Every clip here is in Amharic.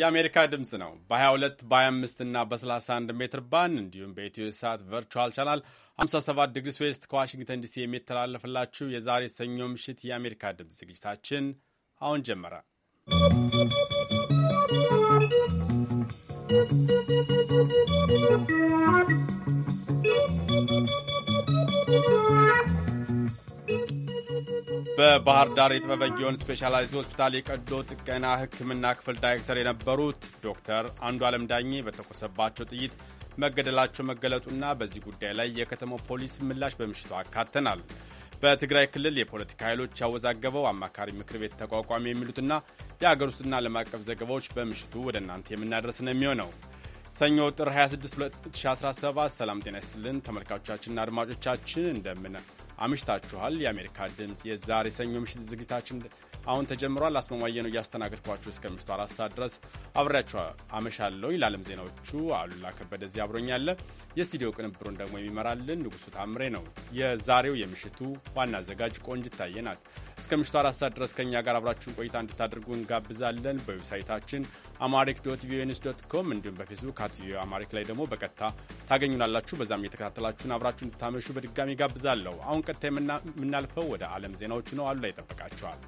የአሜሪካ ድምፅ ነው። በ22 በ25 እና በ31 ሜትር ባንድ እንዲሁም በኢትዮ ሰዓት ቨርቹዋል ቻናል 57 ዲግሪስ ዌስት ከዋሽንግተን ዲሲ የሚተላለፍላችሁ የዛሬ ሰኞ ምሽት የአሜሪካ ድምፅ ዝግጅታችን አሁን ጀመረ። ¶¶ በባህር ዳር የተበበጊዮን ስፔሻላይዝ ሆስፒታል የቀዶ ጥገና ሕክምና ክፍል ዳይሬክተር የነበሩት ዶክተር አንዱ አለም ዳኜ በተኮሰባቸው ጥይት መገደላቸው መገለጡና በዚህ ጉዳይ ላይ የከተማው ፖሊስ ምላሽ በምሽቱ አካተናል። በትግራይ ክልል የፖለቲካ ኃይሎች ያወዛገበው አማካሪ ምክር ቤት ተቋቋሚ የሚሉትና የአገር ውስጥና ዓለም አቀፍ ዘገባዎች በምሽቱ ወደ እናንተ የምናደርስ ነው የሚሆነው። ሰኞ ጥር 26 2017። ሰላም ጤና ይስጥልን ተመልካቾቻችንና አድማጮቻችን እንደምን አምሽታችኋል። የአሜሪካ ድምፅ የዛሬ ሰኞ ምሽት ዝግጅታችን አሁን ተጀምሯል። አስማማየ ነው እያስተናገድኳችሁ እስከ ምሽቱ አራት ሰዓት ድረስ አብሬያችሁ አመሻለሁ። ለዓለም ዜናዎቹ አሉላ ከበደ እዚህ አብሮኛለ። የስቱዲዮ ቅንብሩን ደግሞ የሚመራልን ንጉሱ ታምሬ ነው። የዛሬው የምሽቱ ዋና አዘጋጅ ቆንጅት ታየ እስከ ምሽቱ አራት ሰዓት ድረስ ከኛ ጋር አብራችሁን ቆይታ እንድታደርጉ እንጋብዛለን። በዌብሳይታችን አማሪክ ዶት ቪኦኤ ኒውስ ዶት ኮም እንዲሁም በፌስቡክ አት ቪኦኤ አማሪክ ላይ ደግሞ በቀጥታ ታገኙናላችሁ። በዛም እየተከታተላችሁን አብራችሁ እንድታመሹ በድጋሚ ጋብዛለሁ። አሁን ቀጥታ የምናልፈው ወደ ዓለም ዜናዎቹ ነው። አሉላ ይጠበቃችኋል።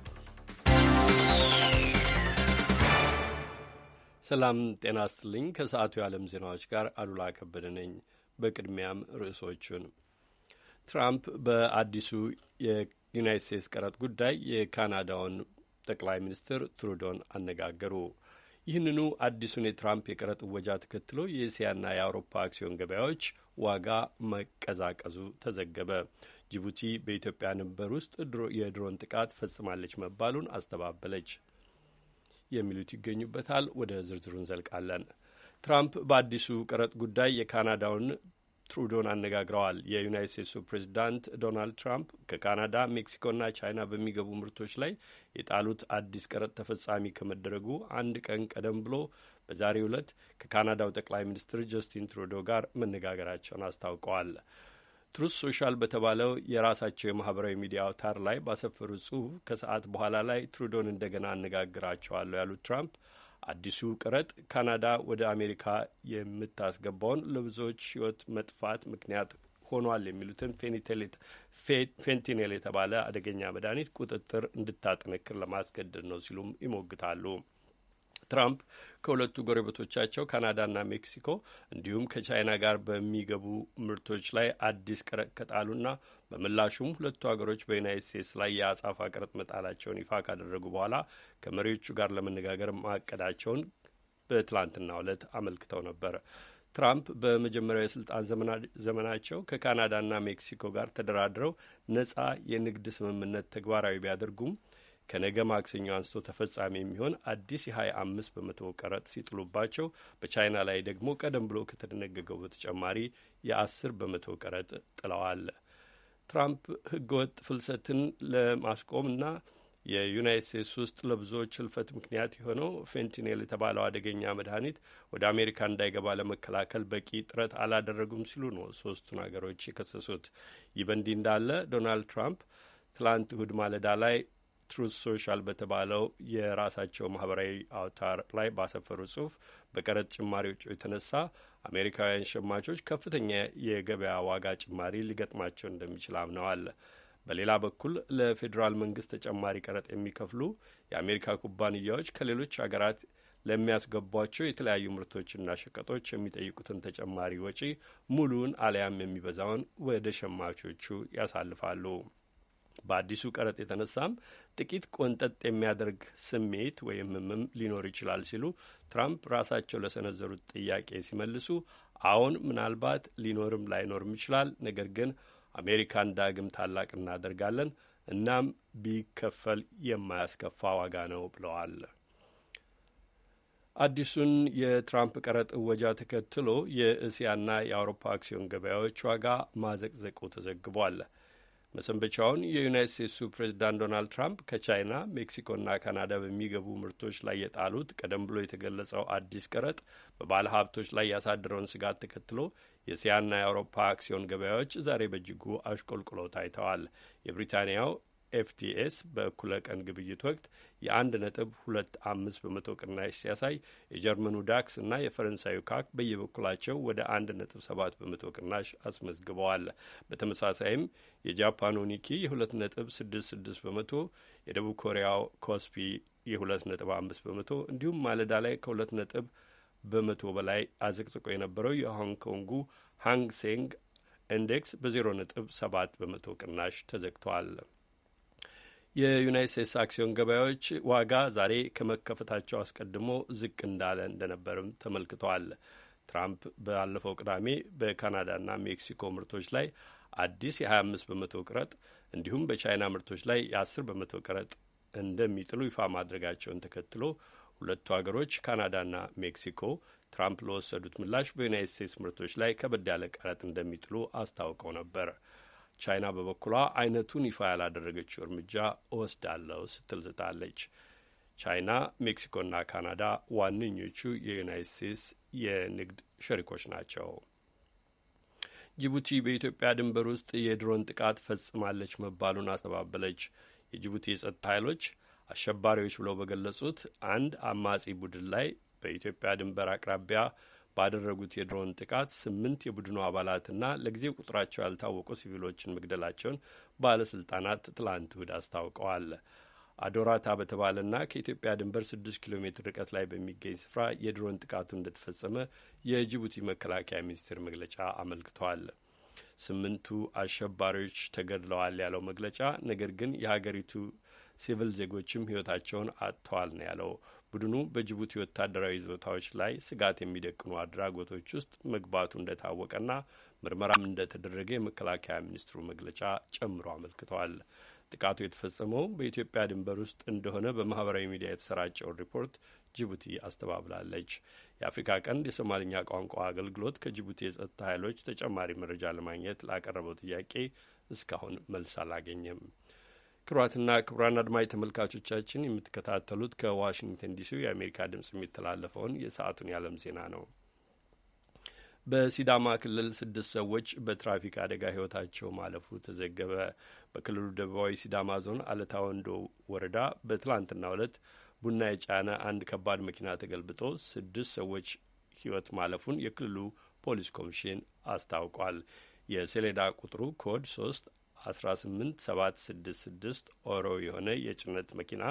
ሰላም ጤና ስትልኝ ከሰዓቱ የዓለም ዜናዎች ጋር አሉላ ከበደ ነኝ። በቅድሚያም ርዕሶቹን ትራምፕ በአዲሱ ዩናይት ስቴትስ ቀረጥ ጉዳይ የካናዳውን ጠቅላይ ሚኒስትር ትሩዶን አነጋገሩ። ይህንኑ አዲሱን የትራምፕ የቀረጥ ውወጃ ተከትሎ የእስያና የአውሮፓ አክሲዮን ገበያዎች ዋጋ መቀዛቀዙ ተዘገበ። ጅቡቲ በኢትዮጵያ ድንበር ውስጥ የድሮን ጥቃት ፈጽማለች መባሉን አስተባበለች። የሚሉት ይገኙበታል። ወደ ዝርዝሩ እንዘልቃለን። ትራምፕ በአዲሱ ቀረጥ ጉዳይ የካናዳውን ትሩዶን አነጋግረዋል። የዩናይት ስቴትሱ ፕሬዚዳንት ዶናልድ ትራምፕ ከካናዳ ሜክሲኮና ቻይና በሚገቡ ምርቶች ላይ የጣሉት አዲስ ቀረጥ ተፈጻሚ ከመደረጉ አንድ ቀን ቀደም ብሎ በዛሬው ዕለት ከካናዳው ጠቅላይ ሚኒስትር ጀስቲን ትሩዶ ጋር መነጋገራቸውን አስታውቀዋል። ትሩስ ሶሻል በተባለው የራሳቸው የማህበራዊ ሚዲያ አውታር ላይ ባሰፈሩት ጽሁፍ ከሰዓት በኋላ ላይ ትሩዶን እንደገና አነጋግራቸዋለሁ ያሉት ትራምፕ አዲሱ ቅረጥ ካናዳ ወደ አሜሪካ የምታስገባውን ለብዙዎች ሕይወት መጥፋት ምክንያት ሆኗል የሚሉትን ፌንቲኔል የተባለ አደገኛ መድኃኒት ቁጥጥር እንድታጠነክር ለማስገደድ ነው ሲሉም ይሞግታሉ። ትራምፕ ከሁለቱ ጎረቤቶቻቸው ካናዳና ሜክሲኮ እንዲሁም ከቻይና ጋር በሚገቡ ምርቶች ላይ አዲስ ቀረጥ ከጣሉና በምላሹም ሁለቱ ሀገሮች በዩናይት ስቴትስ ላይ የአጻፋ ቀረጥ መጣላቸውን ይፋ ካደረጉ በኋላ ከመሪዎቹ ጋር ለመነጋገር ማቀዳቸውን በትላንትና ዕለት አመልክተው ነበር። ትራምፕ በመጀመሪያው የስልጣን ዘመናቸው ከካናዳና ሜክሲኮ ጋር ተደራድረው ነጻ የንግድ ስምምነት ተግባራዊ ቢያደርጉም ከነገ ማክሰኞ አንስቶ ተፈጻሚ የሚሆን አዲስ የሀያ አምስት በመቶ ቀረጥ ሲጥሉባቸው በቻይና ላይ ደግሞ ቀደም ብሎ ከተደነገገው በተጨማሪ የአስር በመቶ ቀረጥ ጥለዋል። ትራምፕ ህገወጥ ፍልሰትን ለማስቆምና የዩናይት ስቴትስ ውስጥ ለብዙዎች ህልፈት ምክንያት የሆነው ፌንቲኔል የተባለው አደገኛ መድኃኒት ወደ አሜሪካ እንዳይገባ ለመከላከል በቂ ጥረት አላደረጉም ሲሉ ነው ሶስቱን ሀገሮች የከሰሱት። ይህ በእንዲህ እንዳለ ዶናልድ ትራምፕ ትላንት እሁድ ማለዳ ላይ ትሩዝ ሶሻል በተባለው የራሳቸው ማህበራዊ አውታር ላይ ባሰፈሩ ጽሁፍ በቀረጥ ጭማሪ ውጭ የተነሳ አሜሪካውያን ሸማቾች ከፍተኛ የገበያ ዋጋ ጭማሪ ሊገጥማቸው እንደሚችል አምነዋል። በሌላ በኩል ለፌዴራል መንግስት ተጨማሪ ቀረጥ የሚከፍሉ የአሜሪካ ኩባንያዎች ከሌሎች አገራት ለሚያስገቧቸው የተለያዩ ምርቶችና ሸቀጦች የሚጠይቁትን ተጨማሪ ወጪ ሙሉውን አሊያም የሚበዛውን ወደ ሸማቾቹ ያሳልፋሉ። በአዲሱ ቀረጥ የተነሳም ጥቂት ቆንጠጥ የሚያደርግ ስሜት ወይም ህመም ሊኖር ይችላል ሲሉ ትራምፕ ራሳቸው ለሰነዘሩት ጥያቄ ሲመልሱ አሁን ምናልባት ሊኖርም ላይኖርም ይችላል፣ ነገር ግን አሜሪካን ዳግም ታላቅ እናደርጋለን፣ እናም ቢከፈል የማያስከፋ ዋጋ ነው ብለዋል። አዲሱን የትራምፕ ቀረጥ እወጃ ተከትሎ የእስያና የአውሮፓ አክሲዮን ገበያዎች ዋጋ ማዘቅዘቁ ተዘግቧል። መሰንበቻውን የዩናይት ስቴትሱ ፕሬዚዳንት ዶናልድ ትራምፕ ከቻይና ሜክሲኮና ካናዳ በሚገቡ ምርቶች ላይ የጣሉት ቀደም ብሎ የተገለጸው አዲስ ቀረጥ በባለ ሀብቶች ላይ ያሳደረውን ስጋት ተከትሎ የእስያና የአውሮፓ አክሲዮን ገበያዎች ዛሬ በእጅጉ አሽቆልቁለው ታይተዋል። የብሪታንያው ኤፍቲኤስ በእኩለ ቀን ግብይት ወቅት የአንድ ነጥብ ሁለት አምስት በመቶ ቅናሽ ሲያሳይ የጀርመኑ ዳክስ እና የፈረንሳዩ ካክ በየበኩላቸው ወደ አንድ ነጥብ ሰባት በመቶ ቅናሽ አስመዝግበዋል። በተመሳሳይም የጃፓኑ ኒኪ የሁለት ነጥብ ስድስት ስድስት በመቶ የደቡብ ኮሪያው ኮስፒ የሁለት ነጥብ አምስት በመቶ እንዲሁም ማለዳ ላይ ከሁለት ነጥብ በመቶ በላይ አዘቅዝቆ የነበረው የሆንግ ኮንጉ ሃንግ ሴንግ ኢንዴክስ በዜሮ ነጥብ ሰባት በመቶ ቅናሽ ተዘግተዋል። የዩናይት ስቴትስ አክሲዮን ገበያዎች ዋጋ ዛሬ ከመከፈታቸው አስቀድሞ ዝቅ እንዳለ እንደነበርም ተመልክተዋል። ትራምፕ ባለፈው ቅዳሜ በካናዳና ሜክሲኮ ምርቶች ላይ አዲስ የ25 በመቶ ቅረጥ እንዲሁም በቻይና ምርቶች ላይ የ10 በመቶ ቅረጥ እንደሚጥሉ ይፋ ማድረጋቸውን ተከትሎ ሁለቱ ሀገሮች ካናዳና ሜክሲኮ ትራምፕ ለወሰዱት ምላሽ በዩናይት ስቴትስ ምርቶች ላይ ከበድ ያለ ቀረጥ እንደሚጥሉ አስታውቀው ነበር። ቻይና በበኩሏ አይነቱን ይፋ ያላደረገችው እርምጃ እወስዳለሁ ስትል ዝታለች። ቻይና፣ ሜክሲኮና ካናዳ ዋነኞቹ የዩናይት ስቴትስ የንግድ ሸሪኮች ናቸው። ጅቡቲ በኢትዮጵያ ድንበር ውስጥ የድሮን ጥቃት ፈጽማለች መባሉን አስተባበለች። የጅቡቲ የጸጥታ ኃይሎች አሸባሪዎች ብለው በገለጹት አንድ አማጺ ቡድን ላይ በኢትዮጵያ ድንበር አቅራቢያ ባደረጉት የድሮን ጥቃት ስምንት የቡድኑ አባላትና ለጊዜው ቁጥራቸው ያልታወቁ ሲቪሎችን መግደላቸውን ባለስልጣናት ትላንት እሁድ አስታውቀዋል። አዶራታ በተባለና ከኢትዮጵያ ድንበር ስድስት ኪሎ ሜትር ርቀት ላይ በሚገኝ ስፍራ የድሮን ጥቃቱ እንደተፈጸመ የጅቡቲ መከላከያ ሚኒስቴር መግለጫ አመልክቷል። ስምንቱ አሸባሪዎች ተገድለዋል ያለው መግለጫ ነገር ግን የሀገሪቱ ሲቪል ዜጎችም ሕይወታቸውን አጥተዋል ነው ያለው። ቡድኑ በጅቡቲ ወታደራዊ ይዞታዎች ላይ ስጋት የሚደቅኑ አድራጎቶች ውስጥ መግባቱ እንደታወቀና ምርመራም እንደተደረገ የመከላከያ ሚኒስትሩ መግለጫ ጨምሮ አመልክተዋል። ጥቃቱ የተፈጸመው በኢትዮጵያ ድንበር ውስጥ እንደሆነ በማህበራዊ ሚዲያ የተሰራጨውን ሪፖርት ጅቡቲ አስተባብላለች። የአፍሪካ ቀንድ የሶማልኛ ቋንቋ አገልግሎት ከጅቡቲ የጸጥታ ኃይሎች ተጨማሪ መረጃ ለማግኘት ላቀረበው ጥያቄ እስካሁን መልስ አላገኘም። ክቡራትና ክቡራን አድማጭ ተመልካቾቻችን የምትከታተሉት ከዋሽንግተን ዲሲ የአሜሪካ ድምፅ የሚተላለፈውን የሰዓቱን የዓለም ዜና ነው። በሲዳማ ክልል ስድስት ሰዎች በትራፊክ አደጋ ሕይወታቸው ማለፉ ተዘገበ። በክልሉ ደቡባዊ ሲዳማ ዞን አለታ ወንዶ ወረዳ በትላንትና ዕለት ቡና የጫነ አንድ ከባድ መኪና ተገልብጦ ስድስት ሰዎች ሕይወት ማለፉን የክልሉ ፖሊስ ኮሚሽን አስታውቋል። የሰሌዳ ቁጥሩ ኮድ 3 18766 ኦሮ የሆነ የጭነት መኪና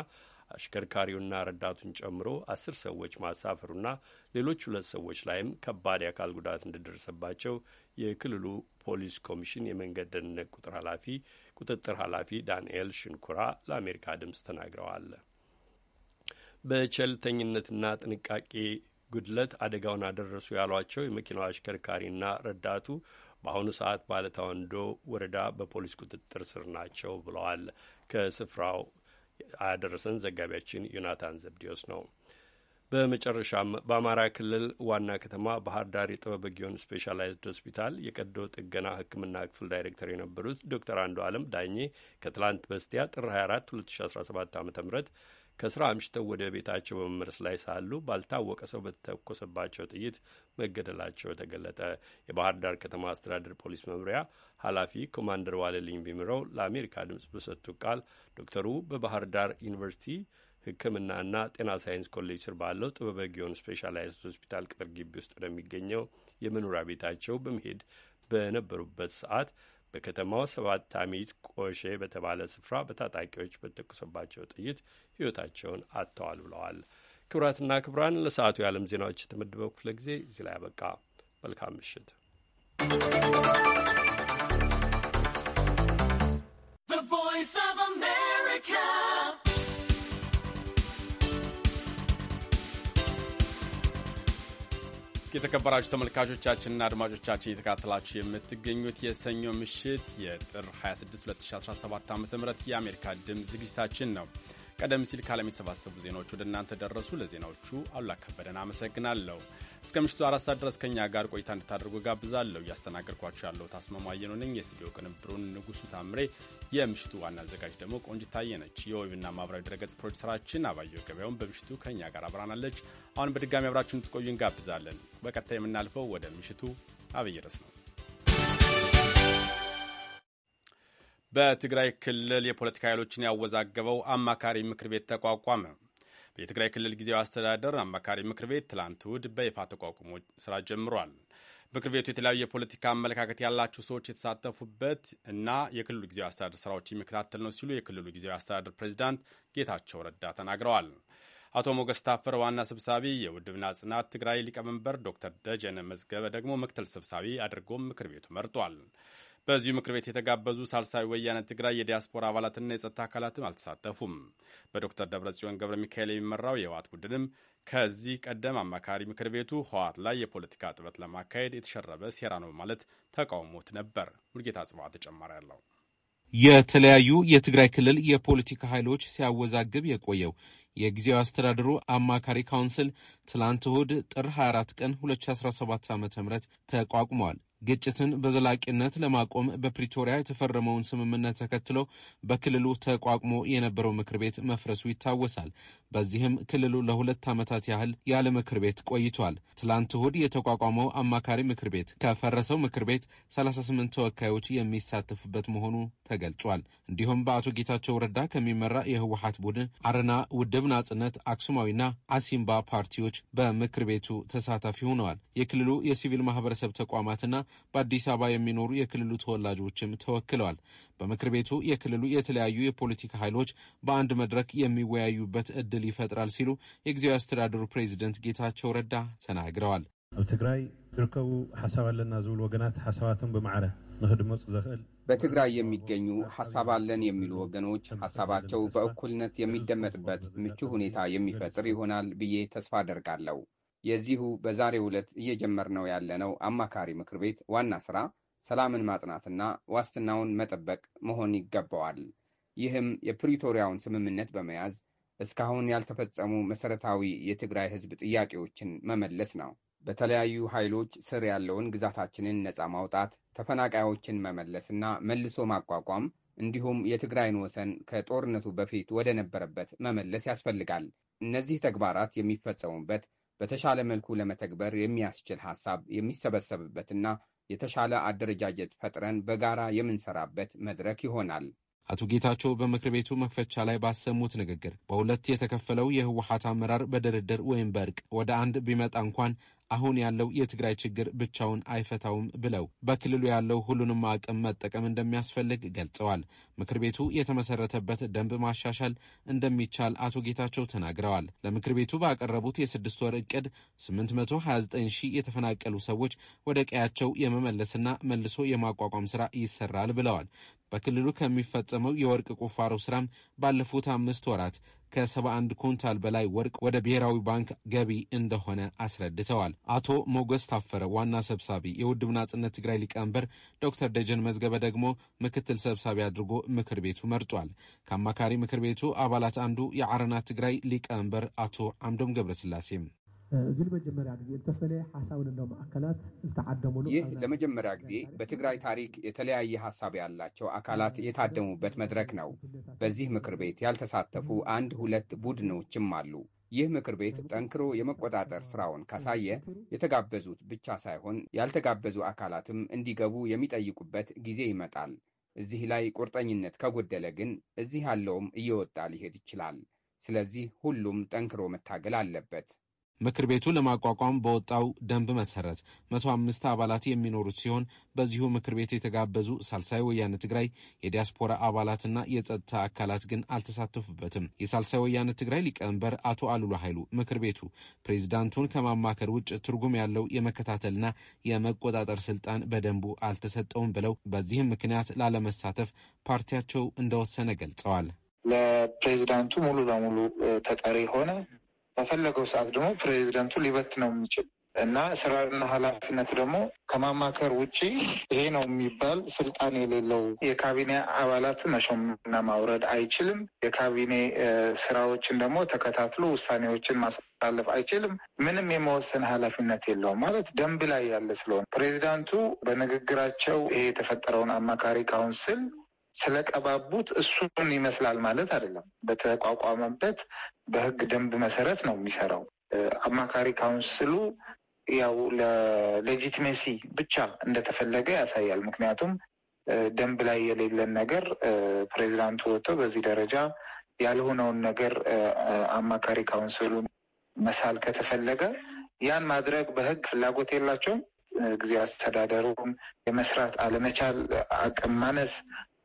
አሽከርካሪውና ረዳቱን ጨምሮ አስር ሰዎች ማሳፈሩና ሌሎች ሁለት ሰዎች ላይም ከባድ የአካል ጉዳት እንደደረሰባቸው የክልሉ ፖሊስ ኮሚሽን የመንገድ ደህንነት ቁጥር ኃላፊ ቁጥጥር ኃላፊ ዳንኤል ሽንኩራ ለአሜሪካ ድምፅ ተናግረዋል። በቸልተኝነትና ጥንቃቄ ጉድለት አደጋውን አደረሱ ያሏቸው የመኪናው አሽከርካሪና ረዳቱ በአሁኑ ሰዓት ባለታወንዶ ወረዳ በፖሊስ ቁጥጥር ስር ናቸው ብለዋል። ከስፍራው ያደረሰን ዘጋቢያችን ዮናታን ዘብዲዮስ ነው። በመጨረሻም በአማራ ክልል ዋና ከተማ ባህር ዳር የጥበበ ግዮን ስፔሻላይዝድ ሆስፒታል የቀዶ ጥገና ሕክምና ክፍል ዳይሬክተር የነበሩት ዶክተር አንዱ አለም ዳኜ ከትላንት በስቲያ ጥር 24 2017 ዓ ም ከስራ አምሽተው ወደ ቤታቸው በመመለስ ላይ ሳሉ ባልታወቀ ሰው በተተኮሰባቸው ጥይት መገደላቸው ተገለጠ። የባህር ዳር ከተማ አስተዳደር ፖሊስ መምሪያ ኃላፊ ኮማንደር ዋለልኝ ቢምረው ለአሜሪካ ድምጽ በሰጡ ቃል ዶክተሩ በባህር ዳር ዩኒቨርሲቲ ሕክምናና ጤና ሳይንስ ኮሌጅ ስር ባለው ጥበበ ጊዮን ስፔሻላይዝድ ሆስፒታል ቅጥር ግቢ ውስጥ ወደሚገኘው የመኖሪያ ቤታቸው በመሄድ በነበሩበት ሰዓት በከተማው ሰባት አሚት ቆሼ በተባለ ስፍራ በታጣቂዎች በተኮሰባቸው ጥይት ሕይወታቸውን አጥተዋል ብለዋል። ክቡራትና ክቡራን ለሰዓቱ የዓለም ዜናዎች የተመደበው ክፍለ ጊዜ እዚህ ላይ አበቃ። መልካም ምሽት። የተከበራችሁ ተመልካቾቻችንና አድማጮቻችን እየተካተላችሁ የምትገኙት የሰኞ ምሽት የጥር 26 2017 ዓ ም የአሜሪካ ድምፅ ዝግጅታችን ነው። ቀደም ሲል ከዓለም የተሰባሰቡ ዜናዎች ወደ እናንተ ደረሱ። ለዜናዎቹ አሉላ ከበደን አመሰግናለሁ። እስከ ምሽቱ አራት ሰዓት ድረስ ከኛ ጋር ቆይታ እንድታደርጉ ጋብዛለሁ። እያስተናገድኳችሁ ያለው ታስማማየ ነኝ። የስቱዲዮ ቅንብሩን ንጉሱ ታምሬ፣ የምሽቱ ዋና አዘጋጅ ደግሞ ቆንጅት ታየ ነች። ማብራዊ ማህበራዊ ድረገጽ ፕሮዲሰራችን አባየ ገበያውን በምሽቱ ከኛ ጋር አብራናለች። አሁን በድጋሚ አብራችሁ እንድትቆዩ እንጋብዛለን። በቀጥታ የምናልፈው ወደ ምሽቱ አብይ ርዕስ ነው። በትግራይ ክልል የፖለቲካ ኃይሎችን ያወዛገበው አማካሪ ምክር ቤት ተቋቋመ። የትግራይ ክልል ጊዜያዊ አስተዳደር አማካሪ ምክር ቤት ትላንት እሁድ በይፋ ተቋቁሞ ስራ ጀምሯል። ምክር ቤቱ የተለያዩ የፖለቲካ አመለካከት ያላቸው ሰዎች የተሳተፉበት እና የክልሉ ጊዜያዊ አስተዳደር ስራዎች የሚከታተል ነው ሲሉ የክልሉ ጊዜያዊ አስተዳደር ፕሬዚዳንት ጌታቸው ረዳ ተናግረዋል። አቶ ሞገስ ታፈረ ዋና ሰብሳቢ፣ የውድብና ጽናት ትግራይ ሊቀመንበር ዶክተር ደጀነ መዝገበ ደግሞ ምክትል ሰብሳቢ አድርጎም ምክር ቤቱ መርጧል። በዚሁ ምክር ቤት የተጋበዙ ሳልሳዊ ወያነ ትግራይ የዲያስፖራ አባላትና የጸጥታ አካላትም አልተሳተፉም። በዶክተር ደብረጽዮን ገብረ ሚካኤል የሚመራው የህወሓት ቡድንም ከዚህ ቀደም አማካሪ ምክር ቤቱ ህወሓት ላይ የፖለቲካ ጥበት ለማካሄድ የተሸረበ ሴራ ነው በማለት ተቃውሞት ነበር። ሙልጌታ ጽባ ተጨማሪ ያለው የተለያዩ የትግራይ ክልል የፖለቲካ ኃይሎች ሲያወዛግብ የቆየው የጊዜው አስተዳደሩ አማካሪ ካውንስል ትላንት እሁድ ጥር 24 ቀን 2017 ዓ ም ተቋቁሟል። ግጭትን በዘላቂነት ለማቆም በፕሪቶሪያ የተፈረመውን ስምምነት ተከትሎ በክልሉ ተቋቁሞ የነበረው ምክር ቤት መፍረሱ ይታወሳል። በዚህም ክልሉ ለሁለት ዓመታት ያህል ያለ ምክር ቤት ቆይቷል። ትላንት እሁድ የተቋቋመው አማካሪ ምክር ቤት ከፈረሰው ምክር ቤት 38 ተወካዮች የሚሳተፉበት መሆኑ ተገልጿል። እንዲሁም በአቶ ጌታቸው ረዳ ከሚመራ የህወሀት ቡድን፣ አረና፣ ውድብ ናጽነት፣ አክሱማዊና አሲምባ ፓርቲዎች በምክር ቤቱ ተሳታፊ ሆነዋል። የክልሉ የሲቪል ማህበረሰብ ተቋማትና በአዲስ አበባ የሚኖሩ የክልሉ ተወላጆችም ተወክለዋል። በምክር ቤቱ የክልሉ የተለያዩ የፖለቲካ ኃይሎች በአንድ መድረክ የሚወያዩበት እድል ይፈጥራል ሲሉ የጊዜያዊ አስተዳደሩ ፕሬዚደንት ጌታቸው ረዳ ተናግረዋል። ኣብ ትግራይ ዝርከቡ ሓሳብ ኣለና ዝብሉ ወገናት ሓሳባትን ብማዕረ ንክድመፁ ዘኽእል በትግራይ የሚገኙ ሀሳብ አለን የሚሉ ወገኖች ሀሳባቸው በእኩልነት የሚደመጥበት ምቹ ሁኔታ የሚፈጥር ይሆናል ብዬ ተስፋ አደርጋለሁ። የዚሁ በዛሬው ዕለት እየጀመርነው ያለነው አማካሪ ምክር ቤት ዋና ስራ ሰላምን ማጽናትና ዋስትናውን መጠበቅ መሆን ይገባዋል። ይህም የፕሪቶሪያውን ስምምነት በመያዝ እስካሁን ያልተፈጸሙ መሰረታዊ የትግራይ ሕዝብ ጥያቄዎችን መመለስ ነው። በተለያዩ ኃይሎች ስር ያለውን ግዛታችንን ነፃ ማውጣት፣ ተፈናቃዮችን መመለስና መልሶ ማቋቋም እንዲሁም የትግራይን ወሰን ከጦርነቱ በፊት ወደ ነበረበት መመለስ ያስፈልጋል። እነዚህ ተግባራት የሚፈጸሙበት በተሻለ መልኩ ለመተግበር የሚያስችል ሀሳብ የሚሰበሰብበትና የተሻለ አደረጃጀት ፈጥረን በጋራ የምንሰራበት መድረክ ይሆናል። አቶ ጌታቸው በምክር ቤቱ መክፈቻ ላይ ባሰሙት ንግግር በሁለት የተከፈለው የህወሀት አመራር በድርድር ወይም በእርቅ ወደ አንድ ቢመጣ እንኳን አሁን ያለው የትግራይ ችግር ብቻውን አይፈታውም ብለው በክልሉ ያለው ሁሉንም አቅም መጠቀም እንደሚያስፈልግ ገልጸዋል። ምክር ቤቱ የተመሰረተበት ደንብ ማሻሻል እንደሚቻል አቶ ጌታቸው ተናግረዋል። ለምክር ቤቱ ባቀረቡት የስድስት ወር እቅድ 829 ሺህ የተፈናቀሉ ሰዎች ወደ ቀያቸው የመመለስና መልሶ የማቋቋም ስራ ይሰራል ብለዋል። በክልሉ ከሚፈጸመው የወርቅ ቁፋሮ ስራም ባለፉት አምስት ወራት ከ71 ኩንታል በላይ ወርቅ ወደ ብሔራዊ ባንክ ገቢ እንደሆነ አስረድተዋል። አቶ ሞገስ ታፈረ ዋና ሰብሳቢ፣ የውድብ ናጽነት ትግራይ ሊቀመንበር ዶክተር ደጀን መዝገበ ደግሞ ምክትል ሰብሳቢ አድርጎ ምክር ቤቱ መርጧል። ከአማካሪ ምክር ቤቱ አባላት አንዱ የአረና ትግራይ ሊቀመንበር አቶ አምዶም ገብረስላሴም ዝተፈለየ ሓሳብ ኣካላት ዝተዓደሙሉ ይህ ለመጀመሪያ ጊዜ በትግራይ ታሪክ የተለያየ ሀሳብ ያላቸው አካላት የታደሙበት መድረክ ነው። በዚህ ምክር ቤት ያልተሳተፉ አንድ ሁለት ቡድኖችም አሉ። ይህ ምክር ቤት ጠንክሮ የመቆጣጠር ስራውን ካሳየ የተጋበዙት ብቻ ሳይሆን ያልተጋበዙ አካላትም እንዲገቡ የሚጠይቁበት ጊዜ ይመጣል። እዚህ ላይ ቁርጠኝነት ከጎደለ ግን እዚህ ያለውም እየወጣ ሊሄድ ይችላል። ስለዚህ ሁሉም ጠንክሮ መታገል አለበት። ምክር ቤቱ ለማቋቋም በወጣው ደንብ መሰረት መቶ አምስት አባላት የሚኖሩት ሲሆን በዚሁ ምክር ቤት የተጋበዙ ሳልሳይ ወያነ ትግራይ የዲያስፖራ አባላትና የጸጥታ አካላት ግን አልተሳተፉበትም። የሳልሳይ ወያነ ትግራይ ሊቀመንበር አቶ አሉላ ኃይሉ ምክር ቤቱ ፕሬዚዳንቱን ከማማከር ውጭ ትርጉም ያለው የመከታተልና የመቆጣጠር ስልጣን በደንቡ አልተሰጠውም ብለው በዚህም ምክንያት ላለመሳተፍ ፓርቲያቸው እንደወሰነ ገልጸዋል። ለፕሬዚዳንቱ ሙሉ ለሙሉ ተጠሪ ሆነ በፈለገው ሰዓት ደግሞ ፕሬዚደንቱ ሊበት ነው የሚችል እና ስራና ኃላፊነት ደግሞ ከማማከር ውጪ ይሄ ነው የሚባል ስልጣን የሌለው የካቢኔ አባላት መሾምና ማውረድ አይችልም። የካቢኔ ስራዎችን ደግሞ ተከታትሎ ውሳኔዎችን ማሳለፍ አይችልም። ምንም የመወሰን ኃላፊነት የለውም ማለት ደንብ ላይ ያለ ስለሆነ ፕሬዚዳንቱ በንግግራቸው ይሄ የተፈጠረውን አማካሪ ካውንስል ስለቀባቡት እሱን ይመስላል ማለት አይደለም። በተቋቋመበት በህግ ደንብ መሰረት ነው የሚሰራው። አማካሪ ካውንስሉ ያው ለሌጂትሜሲ ብቻ እንደተፈለገ ያሳያል። ምክንያቱም ደንብ ላይ የሌለን ነገር ፕሬዚዳንቱ ወጥቶ በዚህ ደረጃ ያልሆነውን ነገር አማካሪ ካውንስሉ መሳል ከተፈለገ ያን ማድረግ በህግ ፍላጎት የላቸውም። ጊዜ አስተዳደሩን የመስራት አለመቻል፣ አቅም ማነስ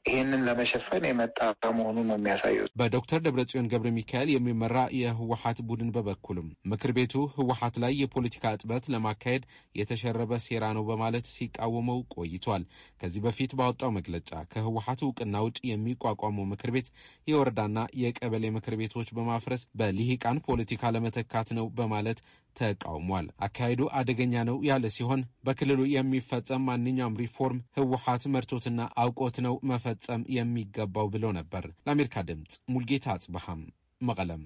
ይህንን ለመሸፈን የመጣ መሆኑ ነው የሚያሳየው። በዶክተር ደብረጽዮን ገብረ ሚካኤል የሚመራ የህወሀት ቡድን በበኩልም ምክር ቤቱ ህወሀት ላይ የፖለቲካ እጥበት ለማካሄድ የተሸረበ ሴራ ነው በማለት ሲቃወመው ቆይቷል። ከዚህ በፊት ባወጣው መግለጫ ከህወሀት እውቅና ውጭ የሚቋቋመው ምክር ቤት የወረዳና የቀበሌ ምክር ቤቶች በማፍረስ በልሂቃን ፖለቲካ ለመተካት ነው በማለት ተቃውሟል። አካሄዱ አደገኛ ነው ያለ ሲሆን በክልሉ የሚፈጸም ማንኛውም ሪፎርም ህወሀት መርቶትና አውቆት ነው መፈጸም የሚገባው ብሎ ነበር። ለአሜሪካ ድምፅ ሙልጌታ አጽበሃም መቀለም።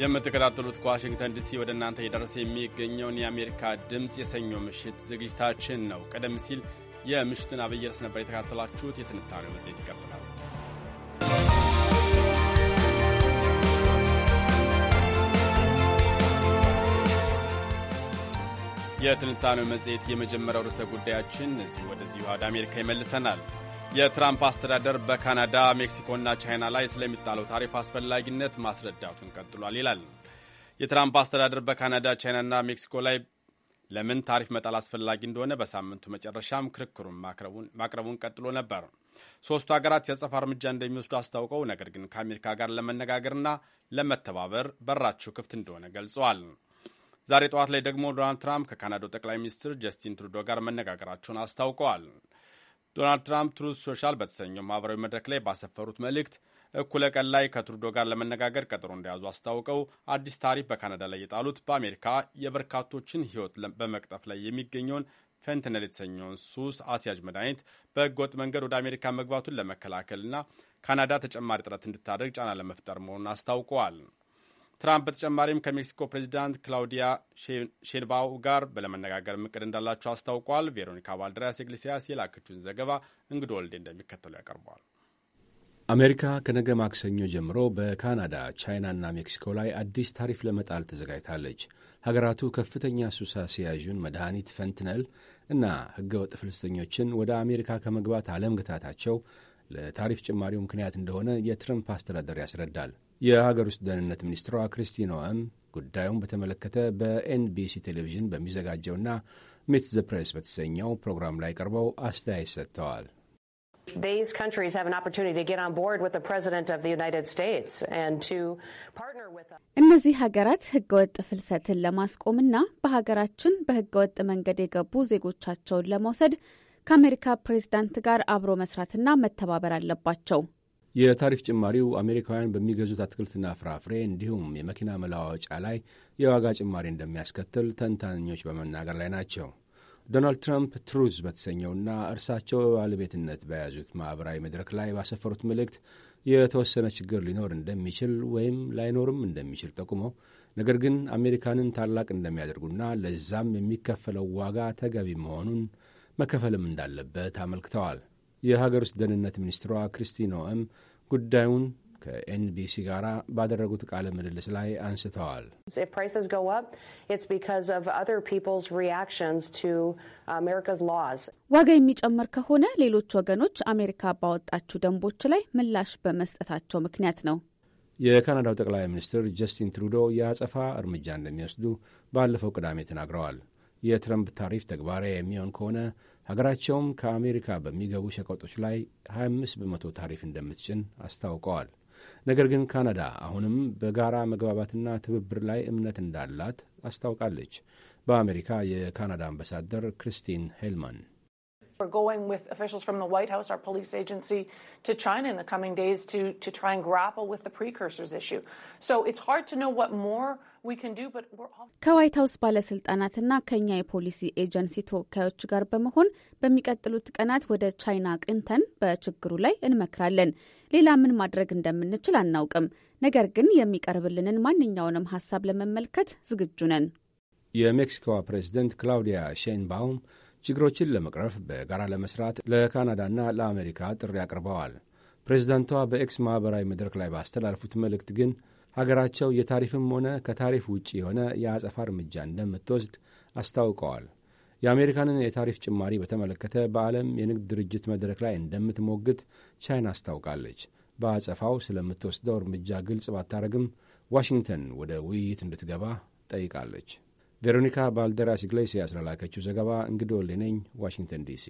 የምትከታተሉት ከዋሽንግተን ዲሲ ወደ እናንተ እየደረሰ የሚገኘውን የአሜሪካ ድምፅ የሰኞ ምሽት ዝግጅታችን ነው። ቀደም ሲል የምሽቱን አብይ ርዕስ ነበር የተከታተላችሁት። የትንታኔው መጽሔት ይቀጥላል። የትንታኔው መጽሔት የመጀመሪያው ርዕሰ ጉዳያችን እዚሁ ወደዚሁ ወደ አሜሪካ ይመልሰናል። የትራምፕ አስተዳደር በካናዳ ሜክሲኮና ቻይና ላይ ስለሚጣለው ታሪፍ አስፈላጊነት ማስረዳቱን ቀጥሏል ይላል። የትራምፕ አስተዳደር በካናዳ ቻይናና ሜክሲኮ ላይ ለምን ታሪፍ መጣል አስፈላጊ እንደሆነ በሳምንቱ መጨረሻም ክርክሩን ማቅረቡን ቀጥሎ ነበር። ሶስቱ ሀገራት የጸፋ እርምጃ እንደሚወስዱ አስታውቀው፣ ነገር ግን ከአሜሪካ ጋር ለመነጋገርና ለመተባበር በራቸው ክፍት እንደሆነ ገልጸዋል። ዛሬ ጠዋት ላይ ደግሞ ዶናልድ ትራምፕ ከካናዳው ጠቅላይ ሚኒስትር ጀስቲን ትሩዶ ጋር መነጋገራቸውን አስታውቀዋል። ዶናልድ ትራምፕ ትሩዝ ሶሻል በተሰኘው ማህበራዊ መድረክ ላይ ባሰፈሩት መልእክት እኩለ ቀን ላይ ከትሩዶ ጋር ለመነጋገር ቀጠሮ እንደያዙ አስታውቀው አዲስ ታሪፍ በካናዳ ላይ የጣሉት በአሜሪካ የበርካቶችን ሕይወት በመቅጠፍ ላይ የሚገኘውን ፌንትነል የተሰኘውን ሱስ አስያዥ መድኃኒት በህገወጥ መንገድ ወደ አሜሪካ መግባቱን ለመከላከልና ካናዳ ተጨማሪ ጥረት እንድታደርግ ጫና ለመፍጠር መሆኑን አስታውቀዋል። ትራምፕ በተጨማሪም ከሜክሲኮ ፕሬዚዳንት ክላውዲያ ሼንባው ጋር ለመነጋገር እቅድ እንዳላቸው አስታውቋል። ቬሮኒካ ባልደራስ ኢግሌሲያስ የላከችውን ዘገባ እንግዶ ወልዴ እንደሚከተሉ ያቀርበዋል። አሜሪካ ከነገ ማክሰኞ ጀምሮ በካናዳ ቻይናና ሜክሲኮ ላይ አዲስ ታሪፍ ለመጣል ተዘጋጅታለች። ሀገራቱ ከፍተኛ ሱስ አስያዡን መድኃኒት ፈንትነል እና ሕገወጥ ፍልሰተኞችን ወደ አሜሪካ ከመግባት አለመግታታቸው ለታሪፍ ጭማሪው ምክንያት እንደሆነ የትረምፕ አስተዳደር ያስረዳል። የሀገር ውስጥ ደህንነት ሚኒስትሯ ክሪስቲ ኖኤም ጉዳዩን በተመለከተ በኤንቢሲ ቴሌቪዥን በሚዘጋጀውና ሚት ዘ ፕሬስ በተሰኘው ፕሮግራም ላይ ቀርበው አስተያየት ሰጥተዋል። እነዚህ ሀገራት ህገወጥ ፍልሰትን ለማስቆምና በሀገራችን በህገወጥ መንገድ የገቡ ዜጎቻቸውን ለመውሰድ ከአሜሪካ ፕሬዝዳንት ጋር አብሮ መስራትና መተባበር አለባቸው። የታሪፍ ጭማሪው አሜሪካውያን በሚገዙት አትክልትና ፍራፍሬ እንዲሁም የመኪና መለዋወጫ ላይ የዋጋ ጭማሪ እንደሚያስከትል ተንታኞች በመናገር ላይ ናቸው። ዶናልድ ትራምፕ ትሩዝ በተሰኘውና እርሳቸው በባለቤትነት በያዙት ማኅበራዊ መድረክ ላይ ባሰፈሩት መልእክት የተወሰነ ችግር ሊኖር እንደሚችል ወይም ላይኖርም እንደሚችል ጠቁሞ ነገር ግን አሜሪካንን ታላቅ እንደሚያደርጉና ለዛም የሚከፈለው ዋጋ ተገቢ መሆኑን መከፈልም እንዳለበት አመልክተዋል። የሀገር ውስጥ ደህንነት ሚኒስትሯ ክሪስቲ ኖኤም ጉዳዩን ከኤንቢሲ ጋር ባደረጉት ቃለ ምልልስ ላይ አንስተዋል። uh, ዋጋ የሚጨምር ከሆነ ሌሎች ወገኖች አሜሪካ ባወጣችው ደንቦች ላይ ምላሽ በመስጠታቸው ምክንያት ነው። የካናዳው ጠቅላይ ሚኒስትር ጀስቲን ትሩዶ የአጸፋ እርምጃ እንደሚወስዱ ባለፈው ቅዳሜ ተናግረዋል። የትረምፕ ታሪፍ ተግባራዊ የሚሆን ከሆነ ሀገራቸውም ከአሜሪካ በሚገቡ ሸቀጦች ላይ 25 በመቶ ታሪፍ እንደምትጭን አስታውቀዋል። ነገር ግን ካናዳ አሁንም በጋራ መግባባትና ትብብር ላይ እምነት እንዳላት አስታውቃለች። በአሜሪካ የካናዳ አምባሳደር ክሪስቲን ሄልማን ር ከዋይት ሀውስ ባለስልጣናትና ከኛ የፖሊሲ ኤጀንሲ ተወካዮች ጋር በመሆን በሚቀጥሉት ቀናት ወደ ቻይና ቅንተን በችግሩ ላይ እንመክራለን። ሌላ ምን ማድረግ እንደምንችል አናውቅም። ነገር ግን የሚቀርብልንን ማንኛውንም ሀሳብ ለመመልከት ዝግጁ ነን። የሜክሲኮዋ ፕሬዚደንት ክላውዲያ ሼንባውም ችግሮችን ለመቅረፍ በጋራ ለመስራት ለካናዳና ለአሜሪካ ጥሪ አቅርበዋል። ፕሬዚዳንቷ በኤክስ ማኅበራዊ መድረክ ላይ ባስተላለፉት መልእክት ግን አገራቸው የታሪፍም ሆነ ከታሪፍ ውጭ የሆነ የአጸፋ እርምጃ እንደምትወስድ አስታውቀዋል። የአሜሪካንን የታሪፍ ጭማሪ በተመለከተ በዓለም የንግድ ድርጅት መድረክ ላይ እንደምትሞግት ቻይና አስታውቃለች። በአጸፋው ስለምትወስደው እርምጃ ግልጽ ባታረግም ዋሽንግተን ወደ ውይይት እንድትገባ ጠይቃለች። ቬሮኒካ ባልደራስ ኢግሌሲያስ ለላከችው ዘገባ እንግዶ ሌነኝ ዋሽንግተን ዲሲ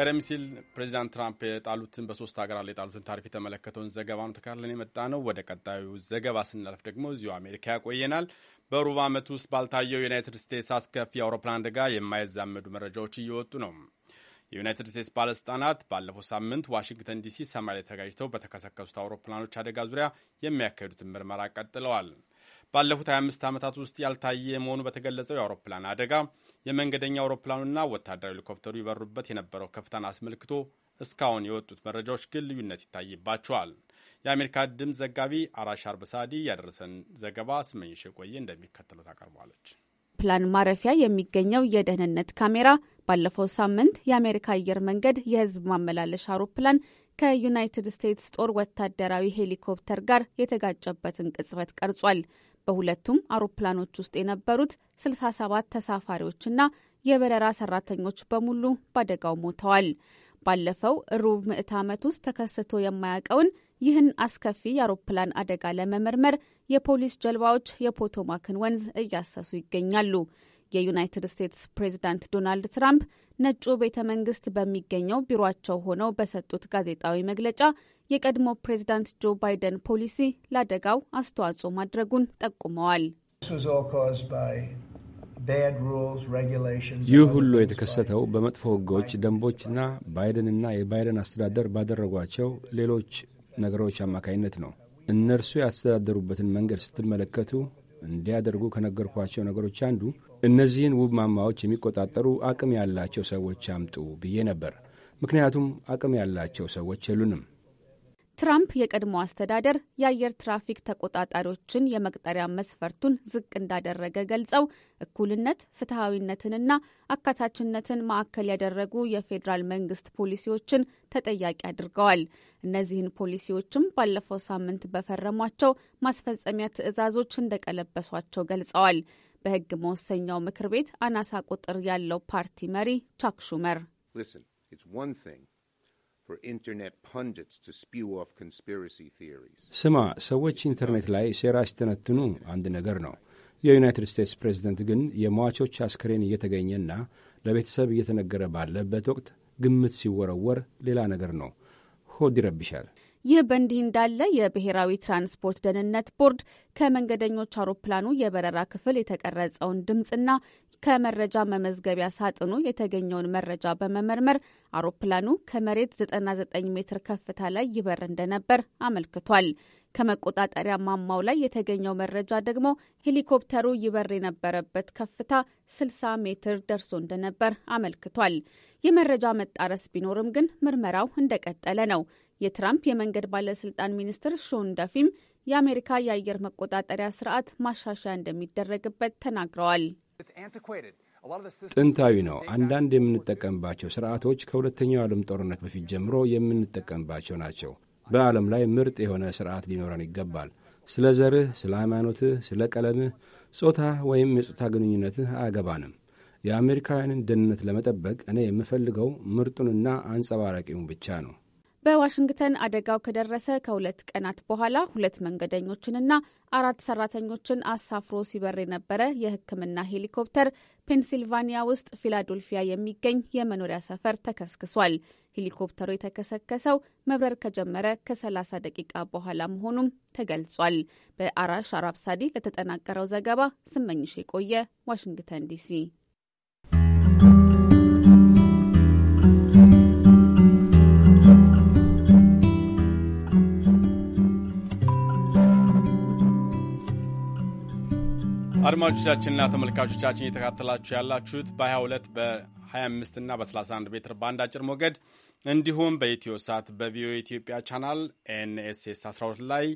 ቀደም ሲል ፕሬዚዳንት ትራምፕ የጣሉትን በሶስት ሀገራት ላይ የጣሉትን ታሪፍ የተመለከተውን ዘገባ ነው ተካለን የመጣ ነው። ወደ ቀጣዩ ዘገባ ስናልፍ ደግሞ እዚሁ አሜሪካ ያቆየናል። በሩብ ዓመት ውስጥ ባልታየው የዩናይትድ ስቴትስ አስከፊ የአውሮፕላን አደጋ የማይዛመዱ መረጃዎች እየወጡ ነው። የዩናይትድ ስቴትስ ባለስልጣናት ባለፈው ሳምንት ዋሽንግተን ዲሲ ሰማይ ላይ ተጋጅተው በተከሰከሱት አውሮፕላኖች አደጋ ዙሪያ የሚያካሂዱትን ምርመራ ቀጥለዋል። ባለፉት 25 ዓመታት ውስጥ ያልታየ መሆኑ በተገለጸው የአውሮፕላን አደጋ የመንገደኛ አውሮፕላኑና ወታደራዊ ሄሊኮፕተሩ ይበሩበት የነበረው ከፍታን አስመልክቶ እስካሁን የወጡት መረጃዎች ግን ልዩነት ይታይባቸዋል። የአሜሪካ ድምፅ ዘጋቢ አራሽ አርበሳዲ ያደረሰን ዘገባ ስመኝሽ የቆየ እንደሚከተለው ታቀርቧለች። ፕላን ማረፊያ የሚገኘው የደህንነት ካሜራ ባለፈው ሳምንት የአሜሪካ አየር መንገድ የህዝብ ማመላለሻ አውሮፕላን ከዩናይትድ ስቴትስ ጦር ወታደራዊ ሄሊኮፕተር ጋር የተጋጨበትን ቅጽበት ቀርጿል። በሁለቱም አውሮፕላኖች ውስጥ የነበሩት 67 ተሳፋሪዎችና የበረራ ሰራተኞች በሙሉ በአደጋው ሞተዋል። ባለፈው ሩብ ምዕት ዓመት ውስጥ ተከስቶ የማያውቀውን ይህን አስከፊ የአውሮፕላን አደጋ ለመመርመር የፖሊስ ጀልባዎች የፖቶማክን ወንዝ እያሰሱ ይገኛሉ። የዩናይትድ ስቴትስ ፕሬዚዳንት ዶናልድ ትራምፕ ነጩ ቤተ መንግስት በሚገኘው ቢሮቸው ሆነው በሰጡት ጋዜጣዊ መግለጫ የቀድሞ ፕሬዚዳንት ጆ ባይደን ፖሊሲ ለአደጋው አስተዋጽኦ ማድረጉን ጠቁመዋል። ይህ ሁሉ የተከሰተው በመጥፎ ህጎች፣ ደንቦችና ባይደንና የባይደን አስተዳደር ባደረጓቸው ሌሎች ነገሮች አማካኝነት ነው። እነርሱ ያስተዳደሩበትን መንገድ ስትመለከቱ እንዲያደርጉ ከነገርኳቸው ነገሮች አንዱ እነዚህን ውብ ማማዎች የሚቆጣጠሩ አቅም ያላቸው ሰዎች አምጡ ብዬ ነበር። ምክንያቱም አቅም ያላቸው ሰዎች የሉንም። ትራምፕ የቀድሞ አስተዳደር የአየር ትራፊክ ተቆጣጣሪዎችን የመቅጠሪያ መስፈርቱን ዝቅ እንዳደረገ ገልጸው እኩልነት፣ ፍትሐዊነትንና አካታችነትን ማዕከል ያደረጉ የፌዴራል መንግስት ፖሊሲዎችን ተጠያቂ አድርገዋል። እነዚህን ፖሊሲዎችም ባለፈው ሳምንት በፈረሟቸው ማስፈጸሚያ ትዕዛዞች እንደቀለበሷቸው ገልጸዋል። በሕግ መወሰኛው ምክር ቤት አናሳ ቁጥር ያለው ፓርቲ መሪ ቻክ ሹመር ስማ፣ ሰዎች ኢንተርኔት ላይ ሴራ ሲተነትኑ አንድ ነገር ነው። የዩናይትድ ስቴትስ ፕሬዝደንት ግን የሟቾች አስክሬን እየተገኘና ለቤተሰብ እየተነገረ ባለበት ወቅት ግምት ሲወረወር ሌላ ነገር ነው። ሆድ ይረብሻል። ይህ በእንዲህ እንዳለ የብሔራዊ ትራንስፖርት ደህንነት ቦርድ ከመንገደኞች አውሮፕላኑ የበረራ ክፍል የተቀረጸውን ድምፅና ከመረጃ መመዝገቢያ ሳጥኑ የተገኘውን መረጃ በመመርመር አውሮፕላኑ ከመሬት 99 ሜትር ከፍታ ላይ ይበር እንደነበር አመልክቷል። ከመቆጣጠሪያ ማማው ላይ የተገኘው መረጃ ደግሞ ሄሊኮፕተሩ ይበር የነበረበት ከፍታ 60 ሜትር ደርሶ እንደነበር አመልክቷል። የመረጃ መጣረስ ቢኖርም ግን ምርመራው እንደቀጠለ ነው። የትራምፕ የመንገድ ባለስልጣን ሚኒስትር ሾን ዳፊም የአሜሪካ የአየር መቆጣጠሪያ ስርዓት ማሻሻያ እንደሚደረግበት ተናግረዋል። ጥንታዊ ነው። አንዳንድ የምንጠቀምባቸው ስርዓቶች ከሁለተኛው ዓለም ጦርነት በፊት ጀምሮ የምንጠቀምባቸው ናቸው። በዓለም ላይ ምርጥ የሆነ ስርዓት ሊኖረን ይገባል። ስለ ዘርህ፣ ስለ ሃይማኖትህ፣ ስለ ቀለምህ፣ ጾታ ወይም የጾታ ግንኙነትህ አያገባንም። የአሜሪካውያንን ደህንነት ለመጠበቅ እኔ የምፈልገው ምርጡንና አንጸባራቂውን ብቻ ነው። በዋሽንግተን አደጋው ከደረሰ ከሁለት ቀናት በኋላ ሁለት መንገደኞችንና አራት ሰራተኞችን አሳፍሮ ሲበር የነበረ የሕክምና ሄሊኮፕተር ፔንሲልቫኒያ ውስጥ ፊላዶልፊያ የሚገኝ የመኖሪያ ሰፈር ተከስክሷል። ሄሊኮፕተሩ የተከሰከሰው መብረር ከጀመረ ከ30 ደቂቃ በኋላ መሆኑም ተገልጿል። በአራሽ አራብሳዲ ለተጠናቀረው ዘገባ ስመኝሽ የቆየ ዋሽንግተን ዲሲ አድማጮቻችንና ተመልካቾቻችን እየተካተላችሁ ያላችሁት በ22 በ25 እና በ31 ሜትር ባንድ አጭር ሞገድ እንዲሁም በኢትዮ ሳት በቪኦኤ ኢትዮጵያ ቻናል ኤንኤስኤስ 12 ላይ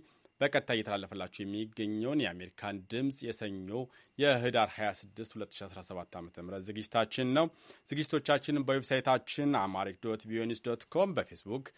በቀጥታ እየተላለፈላችሁ የሚገኘውን የአሜሪካን ድምፅ የሰኞ የህዳር 26 2017 ዓ ም ዝግጅታችን ነው። ዝግጅቶቻችንን በዌብሳይታችን አማሪክ ዶት ቪኦኤ ኒውስ ዶት ኮም በፌስቡክ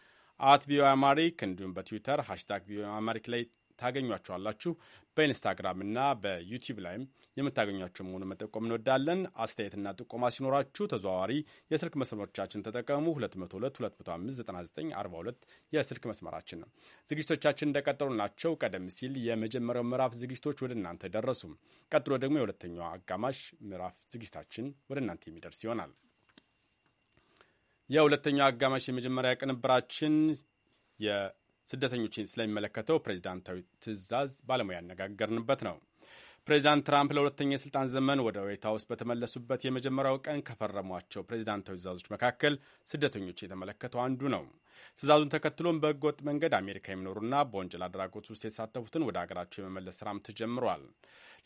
አት ቪኦኤ አማሪክ እንዲሁም በትዊተር ሃሽታግ ቪኦኤ አማሪክ ላይ ታገኟቸዋላችሁ። በኢንስታግራም እና በዩቲዩብ ላይም የምታገኟቸው መሆኑን መጠቆም እንወዳለን። አስተያየትና ጥቆማ ሲኖራችሁ ተዘዋዋሪ የስልክ መስመሮቻችን ተጠቀሙ። 2022059942 የስልክ መስመራችን ነው። ዝግጅቶቻችን እንደቀጠሉ ናቸው። ቀደም ሲል የመጀመሪያው ምዕራፍ ዝግጅቶች ወደ እናንተ ደረሱ። ቀጥሎ ደግሞ የሁለተኛው አጋማሽ ምዕራፍ ዝግጅታችን ወደ እናንተ የሚደርስ ይሆናል። የሁለተኛው አጋማሽ የመጀመሪያ ቅንብራችን ስደተኞችን ስለሚመለከተው ፕሬዚዳንታዊ ትዕዛዝ ባለሙያ ያነጋገርንበት ነው። ፕሬዚዳንት ትራምፕ ለሁለተኛ የስልጣን ዘመን ወደ ዋይት ሀውስ በተመለሱበት የመጀመሪያው ቀን ከፈረሟቸው ፕሬዚዳንታዊ ትእዛዞች መካከል ስደተኞች የተመለከተው አንዱ ነው። ትእዛዙን ተከትሎም በህገወጥ መንገድ አሜሪካ የሚኖሩና በወንጀል አድራጎት ውስጥ የተሳተፉትን ወደ አገራቸው የመመለስ ስራም ተጀምሯል።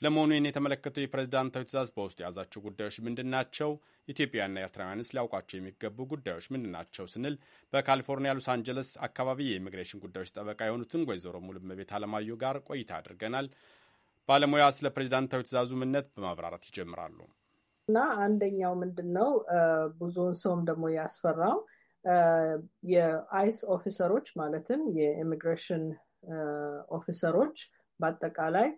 ለመሆኑ ይህን የተመለከተው የፕሬዚዳንታዊ ትእዛዝ በውስጡ የያዛቸው ጉዳዮች ምንድን ናቸው? ኢትዮጵያና ኤርትራውያንስ ሊያውቋቸው የሚገቡ ጉዳዮች ምንድን ናቸው ስንል በካሊፎርኒያ ሎስ አንጀለስ አካባቢ የኢሚግሬሽን ጉዳዮች ጠበቃ የሆኑትን ወይዘሮ ሙሉመቤት አለማየሁ ጋር ቆይታ አድርገናል። ባለሙያ ስለ ፕሬዚዳንታዊ ትእዛዙ ምነት በማብራራት ይጀምራሉ። እና አንደኛው ምንድን ነው ብዙውን ሰውም ደግሞ ያስፈራው የአይስ ኦፊሰሮች ማለትም የኢሚግሬሽን ኦፊሰሮች በአጠቃላይ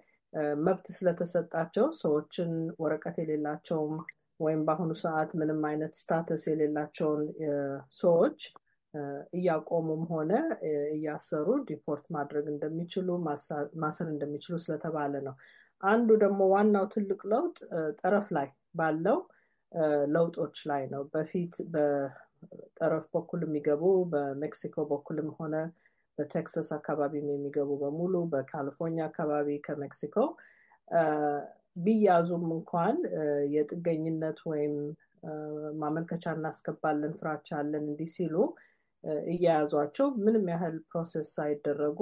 መብት ስለተሰጣቸው ሰዎችን ወረቀት የሌላቸውም ወይም በአሁኑ ሰዓት ምንም አይነት ስታተስ የሌላቸውን ሰዎች እያቆሙም ሆነ እያሰሩ ዲፖርት ማድረግ እንደሚችሉ ማሰር እንደሚችሉ ስለተባለ ነው። አንዱ ደግሞ ዋናው ትልቅ ለውጥ ጠረፍ ላይ ባለው ለውጦች ላይ ነው። በፊት በጠረፍ በኩል የሚገቡ በሜክሲኮ በኩልም ሆነ በቴክሳስ አካባቢ የሚገቡ በሙሉ በካሊፎርኒያ አካባቢ ከሜክሲኮ ቢያዙም እንኳን የጥገኝነት ወይም ማመልከቻ እናስገባለን፣ ፍራቻ አለን እንዲህ ሲሉ እየያዟቸው ምንም ያህል ፕሮሴስ ሳይደረጉ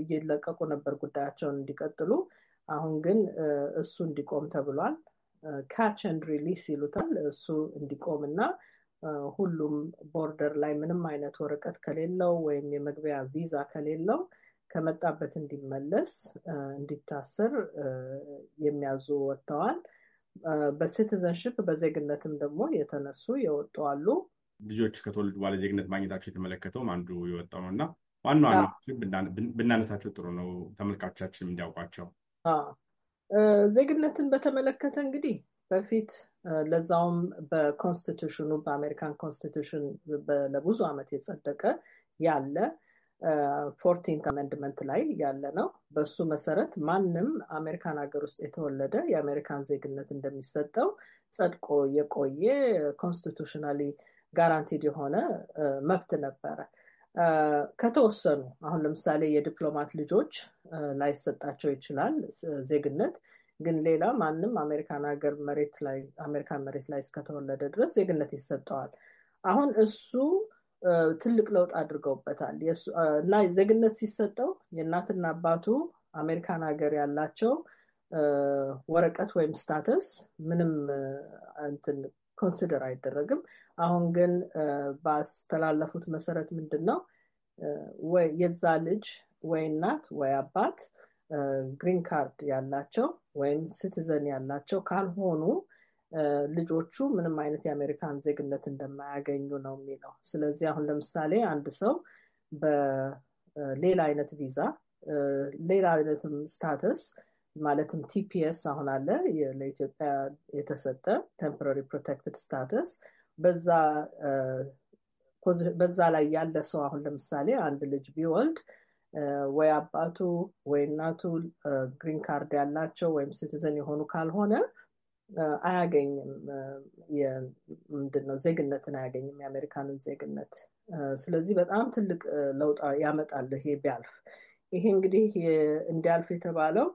እየለቀቁ ነበር ጉዳያቸውን እንዲቀጥሉ። አሁን ግን እሱ እንዲቆም ተብሏል። ካች ኤንድ ሪሊስ ይሉታል። እሱ እንዲቆም እና ሁሉም ቦርደር ላይ ምንም አይነት ወረቀት ከሌለው ወይም የመግቢያ ቪዛ ከሌለው ከመጣበት እንዲመለስ እንዲታሰር የሚያዙ ወጥተዋል። በሲቲዘንሽፕ በዜግነትም ደግሞ የተነሱ የወጡ አሉ። ልጆች ከተወለዱ በኋላ ዜግነት ማግኘታቸው የተመለከተውም አንዱ የወጣው ነው እና ዋና ዋና ብናነሳቸው ጥሩ ነው፣ ተመልካቾቻችን እንዲያውቋቸው። ዜግነትን በተመለከተ እንግዲህ በፊት ለዛውም በኮንስቲቱሽኑ በአሜሪካን ኮንስቲቱሽን ለብዙ ዓመት የጸደቀ ያለ ፎርቲንት አሜንድመንት ላይ ያለ ነው። በሱ መሰረት ማንም አሜሪካን ሀገር ውስጥ የተወለደ የአሜሪካን ዜግነት እንደሚሰጠው ጸድቆ የቆየ ኮንስቲቱሽናሊ ጋራንቲድ የሆነ መብት ነበረ። ከተወሰኑ አሁን ለምሳሌ የዲፕሎማት ልጆች ላይሰጣቸው ይችላል ዜግነት። ግን ሌላ ማንም አሜሪካን ሀገር መሬት ላይ አሜሪካን መሬት ላይ እስከተወለደ ድረስ ዜግነት ይሰጠዋል። አሁን እሱ ትልቅ ለውጥ አድርገውበታል እና ዜግነት ሲሰጠው የእናትና አባቱ አሜሪካን ሀገር ያላቸው ወረቀት ወይም ስታተስ ምንም እንትን ኮንሲደር አይደረግም። አሁን ግን ባስተላለፉት መሰረት ምንድን ነው የዛ ልጅ ወይ እናት ወይ አባት ግሪን ካርድ ያላቸው ወይም ሲቲዘን ያላቸው ካልሆኑ ልጆቹ ምንም አይነት የአሜሪካን ዜግነት እንደማያገኙ ነው የሚለው። ስለዚህ አሁን ለምሳሌ አንድ ሰው በሌላ አይነት ቪዛ ሌላ አይነትም ስታተስ ማለትም ቲፒኤስ አሁን አለ ለኢትዮጵያ የተሰጠ ቴምፖራሪ ፕሮቴክትድ ስታተስ። በዛ ላይ ያለ ሰው አሁን ለምሳሌ አንድ ልጅ ቢወልድ ወይ አባቱ ወይ እናቱ ግሪን ካርድ ያላቸው ወይም ሲቲዘን የሆኑ ካልሆነ አያገኝም። ምንድን ነው ዜግነትን አያገኝም፣ የአሜሪካንን ዜግነት። ስለዚህ በጣም ትልቅ ለውጥ ያመጣል ይሄ ቢያልፍ። ይሄ እንግዲህ እንዲያልፍ የተባለው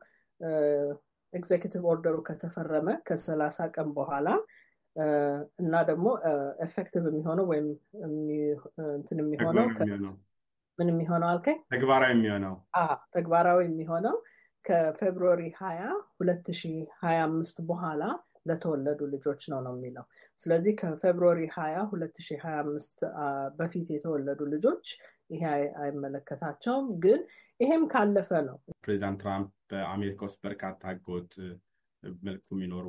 ኤግዜኪቲቭ ኦርደሩ ከተፈረመ ከሰላሳ ቀን በኋላ እና ደግሞ ኤፌክቲቭ የሚሆነው ወይም እንትን የሚሆነው ምን የሚሆነው አልከኝ? ተግባራዊ የሚሆነው ተግባራዊ የሚሆነው ከፌብሩዋሪ ሀያ ሁለት ሺ ሀያ አምስት በኋላ ለተወለዱ ልጆች ነው ነው የሚለው ስለዚህ ከፌብሩዋሪ ሀያ ሁለት ሺ ሀያ አምስት በፊት የተወለዱ ልጆች ይሄ አይመለከታቸውም። ግን ይሄም ካለፈ ነው። ፕሬዚዳንት ትራምፕ በአሜሪካ ውስጥ በርካታ ህገወጥ መልኩ የሚኖሩ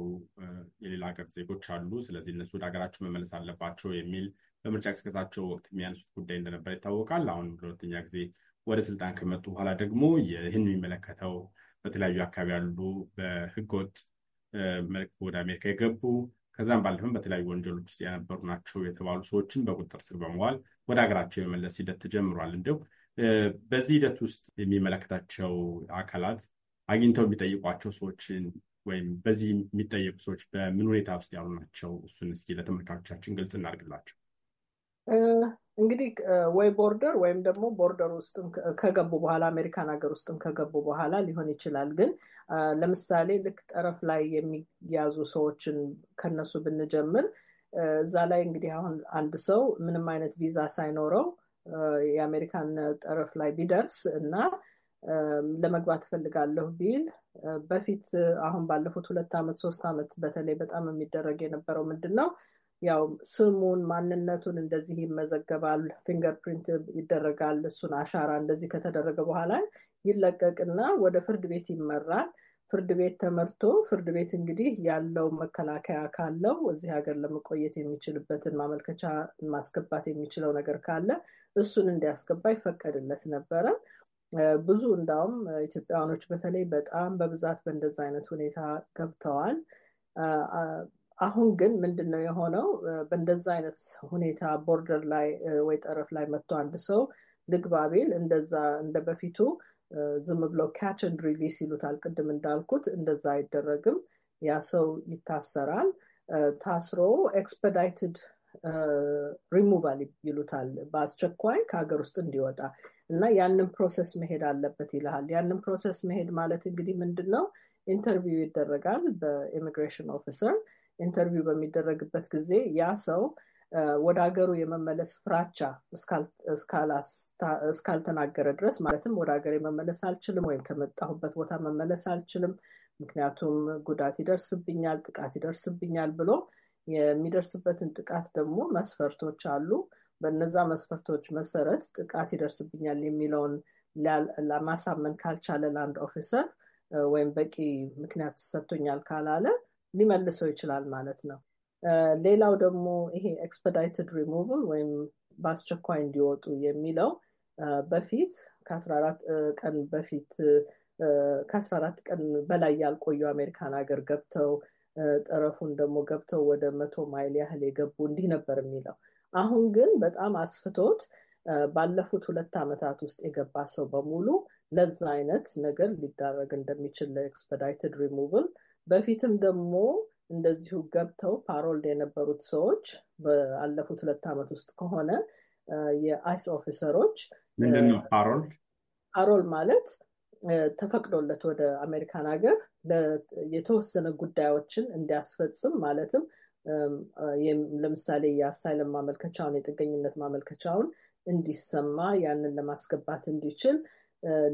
የሌላ ሀገር ዜጎች አሉ፣ ስለዚህ እነሱ ወደ ሀገራቸው መመለስ አለባቸው የሚል በምርጫ ቅስቀሳቸው ወቅት የሚያነሱት ጉዳይ እንደነበር ይታወቃል። አሁን ለሁለተኛ ጊዜ ወደ ስልጣን ከመጡ በኋላ ደግሞ ይህን የሚመለከተው በተለያዩ አካባቢ ያሉ በህገወጥ መልኩ ወደ አሜሪካ የገቡ ከዛም ባለፈም በተለያዩ ወንጀሎች ውስጥ የነበሩ ናቸው የተባሉ ሰዎችን በቁጥጥር ስር በመዋል ወደ ሀገራቸው የመለስ ሂደት ተጀምሯል። እንዲሁም በዚህ ሂደት ውስጥ የሚመለከታቸው አካላት አግኝተው የሚጠይቋቸው ሰዎችን ወይም በዚህ የሚጠየቁ ሰዎች በምን ሁኔታ ውስጥ ያሉ ናቸው? እሱን እስኪ ለተመልካቾቻችን ግልጽ እናድርግላቸው። እንግዲህ ወይ ቦርደር ወይም ደግሞ ቦርደር ውስጥም ከገቡ በኋላ አሜሪካን ሀገር ውስጥም ከገቡ በኋላ ሊሆን ይችላል። ግን ለምሳሌ ልክ ጠረፍ ላይ የሚያዙ ሰዎችን ከነሱ ብንጀምር እዛ ላይ እንግዲህ አሁን አንድ ሰው ምንም አይነት ቪዛ ሳይኖረው የአሜሪካን ጠረፍ ላይ ቢደርስ እና ለመግባት እፈልጋለሁ ቢል በፊት አሁን ባለፉት ሁለት ዓመት ሶስት ዓመት በተለይ በጣም የሚደረግ የነበረው ምንድን ነው? ያው ስሙን ማንነቱን እንደዚህ ይመዘገባል፣ ፊንገር ፕሪንት ይደረጋል። እሱን አሻራ እንደዚህ ከተደረገ በኋላ ይለቀቅና ወደ ፍርድ ቤት ይመራል። ፍርድ ቤት ተመርቶ ፍርድ ቤት እንግዲህ ያለው መከላከያ ካለው እዚህ ሀገር ለመቆየት የሚችልበትን ማመልከቻ ማስገባት የሚችለው ነገር ካለ እሱን እንዲያስገባ ይፈቀድለት ነበረ። ብዙ እንዳውም ኢትዮጵያውያኖች በተለይ በጣም በብዛት በእንደዛ አይነት ሁኔታ ገብተዋል። አሁን ግን ምንድን ነው የሆነው? በእንደዛ አይነት ሁኔታ ቦርደር ላይ ወይ ጠረፍ ላይ መጥቶ አንድ ሰው ልግባ ቢል እንደዛ እንደ በፊቱ ዝም ብለው ካች ንድ ሪሊስ ይሉታል። ቅድም እንዳልኩት እንደዛ አይደረግም። ያ ሰው ይታሰራል። ታስሮ ኤክስፐዳይትድ ሪሙቫል ይሉታል። በአስቸኳይ ከሀገር ውስጥ እንዲወጣ እና ያንን ፕሮሰስ መሄድ አለበት ይልሃል። ያንን ፕሮሰስ መሄድ ማለት እንግዲህ ምንድን ነው? ኢንተርቪው ይደረጋል በኢሚግሬሽን ኦፊሰር። ኢንተርቪው በሚደረግበት ጊዜ ያ ሰው ወደ ሀገሩ የመመለስ ፍራቻ እስካልተናገረ ድረስ ማለትም ወደ ሀገር የመመለስ አልችልም ወይም ከመጣሁበት ቦታ መመለስ አልችልም፣ ምክንያቱም ጉዳት ይደርስብኛል፣ ጥቃት ይደርስብኛል ብሎ የሚደርስበትን ጥቃት ደግሞ መስፈርቶች አሉ። በነዛ መስፈርቶች መሰረት ጥቃት ይደርስብኛል የሚለውን ለማሳመን ካልቻለ ለአንድ ኦፊሰር ወይም በቂ ምክንያት ሰጥቶኛል ካላለ ሊመልሰው ይችላል ማለት ነው። ሌላው ደግሞ ይሄ ኤክስፐዳይትድ ሪሞቨል ወይም በአስቸኳይ እንዲወጡ የሚለው በፊት ከአስራ አራት ቀን በፊት ከአስራ አራት ቀን በላይ ያልቆዩ አሜሪካን ሀገር ገብተው ጠረፉን ደግሞ ገብተው ወደ መቶ ማይል ያህል የገቡ እንዲህ ነበር የሚለው። አሁን ግን በጣም አስፍቶት ባለፉት ሁለት ዓመታት ውስጥ የገባ ሰው በሙሉ ለዛ አይነት ነገር ሊዳረግ እንደሚችል ለኤክስፐዳይትድ ሪሙቭል በፊትም ደግሞ እንደዚሁ ገብተው ፓሮልድ የነበሩት ሰዎች በአለፉት ሁለት ዓመት ውስጥ ከሆነ የአይስ ኦፊሰሮች ምንድን ነው ፓሮል ፓሮል ማለት ተፈቅዶለት ወደ አሜሪካን ሀገር የተወሰነ ጉዳዮችን እንዲያስፈጽም ማለትም ለምሳሌ የአሳይለም ማመልከቻውን የጥገኝነት ማመልከቻውን እንዲሰማ ያንን ለማስገባት እንዲችል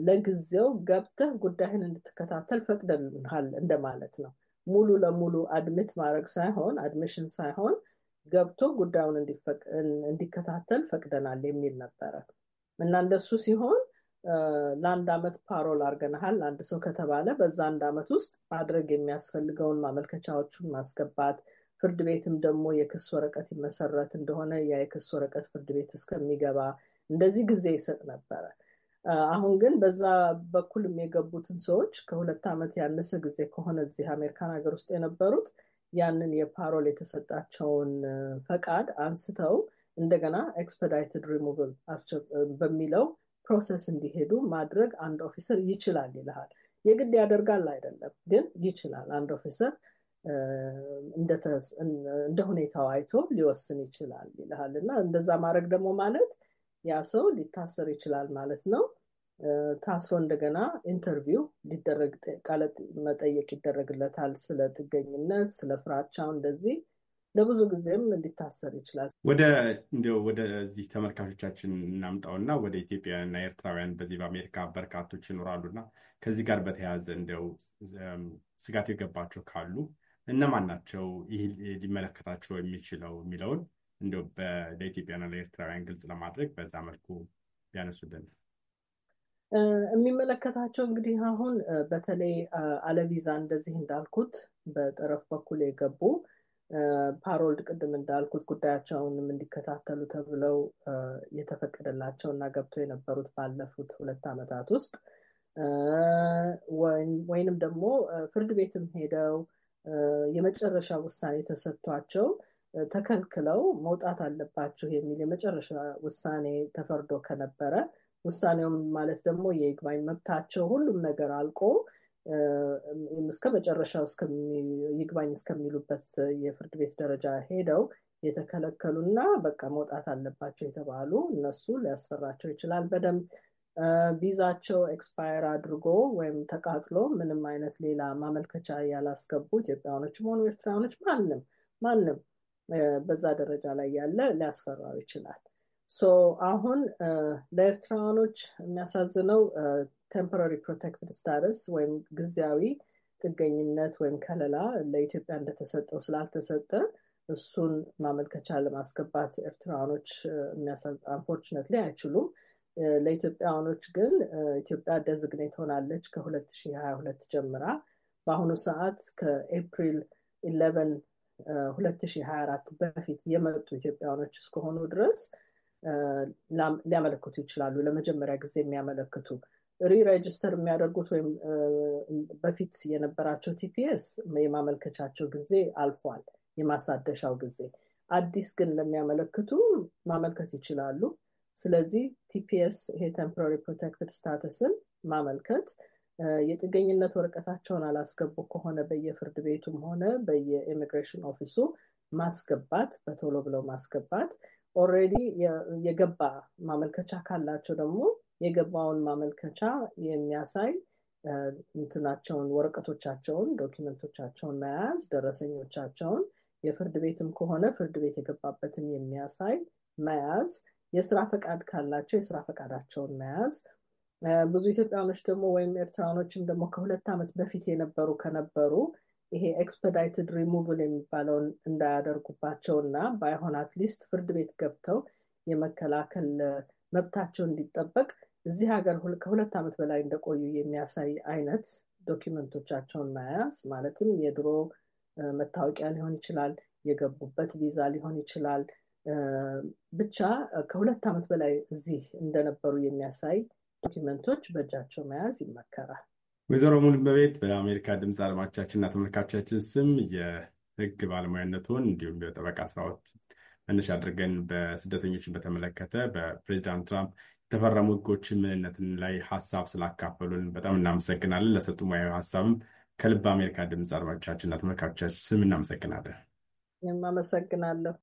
ለጊዜው ገብተህ ጉዳይህን እንድትከታተል ፈቅደንሃል እንደማለት ነው። ሙሉ ለሙሉ አድሚት ማድረግ ሳይሆን አድሚሽን ሳይሆን ገብቶ ጉዳዩን እንዲከታተል ፈቅደናል የሚል ነበረ እና እንደሱ ሲሆን ለአንድ አመት ፓሮል አርገናሃል አንድ ሰው ከተባለ በዛ አንድ አመት ውስጥ ማድረግ የሚያስፈልገውን ማመልከቻዎቹን ማስገባት ፍርድ ቤትም ደግሞ የክስ ወረቀት ይመሰረት እንደሆነ ያ የክስ ወረቀት ፍርድ ቤት እስከሚገባ እንደዚህ ጊዜ ይሰጥ ነበረ። አሁን ግን በዛ በኩልም የገቡትን ሰዎች ከሁለት ዓመት ያነሰ ጊዜ ከሆነ እዚህ አሜሪካን ሀገር ውስጥ የነበሩት ያንን የፓሮል የተሰጣቸውን ፈቃድ አንስተው እንደገና ኤክስፐዳይትድ ሪሙቭል በሚለው ፕሮሰስ እንዲሄዱ ማድረግ አንድ ኦፊሰር ይችላል ይልሃል። የግድ ያደርጋል አይደለም፣ ግን ይችላል። አንድ ኦፊሰር እንደ ሁኔታው አይቶ ሊወስን ይችላል ይልሃል እና እንደዛ ማድረግ ደግሞ ማለት ያ ሰው ሊታሰር ይችላል ማለት ነው። ታስሮ እንደገና ኢንተርቪው ሊደረግ ቃለ መጠየቅ ይደረግለታል። ስለ ጥገኝነት፣ ስለ ፍራቻው እንደዚህ ለብዙ ጊዜም ሊታሰር ይችላል። ወደ እንዲያው ወደዚህ ተመልካቾቻችን እናምጣውና ወደ ኢትዮጵያውያንና ኤርትራውያን በዚህ በአሜሪካ በርካቶች ይኖራሉና ከዚህ ጋር በተያያዘ እንዲያው ስጋት የገባቸው ካሉ እነማን ናቸው? ይህ ሊመለከታቸው የሚችለው የሚለውን እንዲሁ ለኢትዮጵያና ለኤርትራውያን ግልጽ ለማድረግ በዛ መልኩ ቢያነሱልን የሚመለከታቸው እንግዲህ አሁን በተለይ አለቪዛ እንደዚህ እንዳልኩት በጠረፍ በኩል የገቡ ፓሮልድ ቅድም እንዳልኩት ጉዳያቸውንም እንዲከታተሉ ተብለው የተፈቀደላቸው እና ገብተው የነበሩት ባለፉት ሁለት ዓመታት ውስጥ ወይንም ደግሞ ፍርድ ቤትም ሄደው የመጨረሻ ውሳኔ ተሰጥቷቸው ተከልክለው መውጣት አለባችሁ የሚል የመጨረሻ ውሳኔ ተፈርዶ ከነበረ ውሳኔውም ማለት ደግሞ የይግባኝ መብታቸው ሁሉም ነገር አልቆ እስከ መጨረሻው ይግባኝ እስከሚሉበት የፍርድ ቤት ደረጃ ሄደው የተከለከሉና በቃ መውጣት አለባቸው የተባሉ እነሱ ሊያስፈራቸው ይችላል። በደንብ ቪዛቸው ኤክስፓየር አድርጎ ወይም ተቃጥሎ ምንም አይነት ሌላ ማመልከቻ ያላስገቡ ኢትዮጵያኖች ሆኑ ኤርትራኖች ማንም ማንም በዛ ደረጃ ላይ ያለ ሊያስፈራው ይችላል። ሶ አሁን ለኤርትራውያኖች የሚያሳዝነው ቴምፖራሪ ፕሮቴክትድ ስታትስ ወይም ጊዜያዊ ጥገኝነት ወይም ከለላ ለኢትዮጵያ እንደተሰጠው ስላልተሰጠ እሱን ማመልከቻ ለማስገባት ኤርትራውያኖች ላይ አይችሉም። ለኢትዮጵያውያኖች ግን ኢትዮጵያ ደዝግኔት ሆናለች ከ2022 ጀምራ በአሁኑ ሰዓት ከኤፕሪል ኢለቨን 2024 በፊት የመጡ ኢትዮጵያውያኖች እስከሆኑ ድረስ ሊያመለክቱ ይችላሉ። ለመጀመሪያ ጊዜ የሚያመለክቱ ሪሬጅስተር የሚያደርጉት ወይም በፊት የነበራቸው ቲፒኤስ የማመልከቻቸው ጊዜ አልፏል፣ የማሳደሻው ጊዜ። አዲስ ግን ለሚያመለክቱ ማመልከት ይችላሉ። ስለዚህ ቲፒኤስ ይሄ ቴምፖራሪ ፕሮቴክትድ ስታተስን ማመልከት የጥገኝነት ወረቀታቸውን አላስገቡ ከሆነ በየፍርድ ቤቱም ሆነ በየኢሚግሬሽን ኦፊሱ ማስገባት በቶሎ ብለው ማስገባት ኦልሬዲ የገባ ማመልከቻ ካላቸው ደግሞ የገባውን ማመልከቻ የሚያሳይ እንትናቸውን ወረቀቶቻቸውን ዶኪመንቶቻቸውን መያዝ ደረሰኞቻቸውን የፍርድ ቤትም ከሆነ ፍርድ ቤት የገባበትን የሚያሳይ መያዝ የስራ ፈቃድ ካላቸው የስራ ፈቃዳቸውን መያዝ ብዙ ኢትዮጵያኖች ደግሞ ወይም ኤርትራኖችም ደግሞ ከሁለት ዓመት በፊት የነበሩ ከነበሩ ይሄ ኤክስፐዳይትድ ሪሙቭል የሚባለውን እንዳያደርጉባቸው እና ባይሆን አትሊስት ፍርድ ቤት ገብተው የመከላከል መብታቸው እንዲጠበቅ እዚህ ሀገር ከሁለት ዓመት በላይ እንደቆዩ የሚያሳይ አይነት ዶኪመንቶቻቸውን መያዝ ማለትም የድሮ መታወቂያ ሊሆን ይችላል፣ የገቡበት ቪዛ ሊሆን ይችላል። ብቻ ከሁለት ዓመት በላይ እዚህ እንደነበሩ የሚያሳይ ዶኪመንቶች በእጃቸው መያዝ ይመከራል። ወይዘሮ በቤት በአሜሪካ ድምፅ አድማጮቻችንና ተመልካቾቻችን ስም የህግ ባለሙያነቱን እንዲሁም የጠበቃ ስራዎች መነሻ አድርገን በስደተኞችን በተመለከተ በፕሬዚዳንት ትራምፕ የተፈረሙ ህጎችን ምንነትን ላይ ሀሳብ ስላካፈሉን በጣም እናመሰግናለን። ለሰጡ ሙያዊ ሀሳብም ከልብ አሜሪካ ድምፅ አድማጮቻችንና ተመልካቾቻችን ስም እናመሰግናለን። አመሰግናለሁ።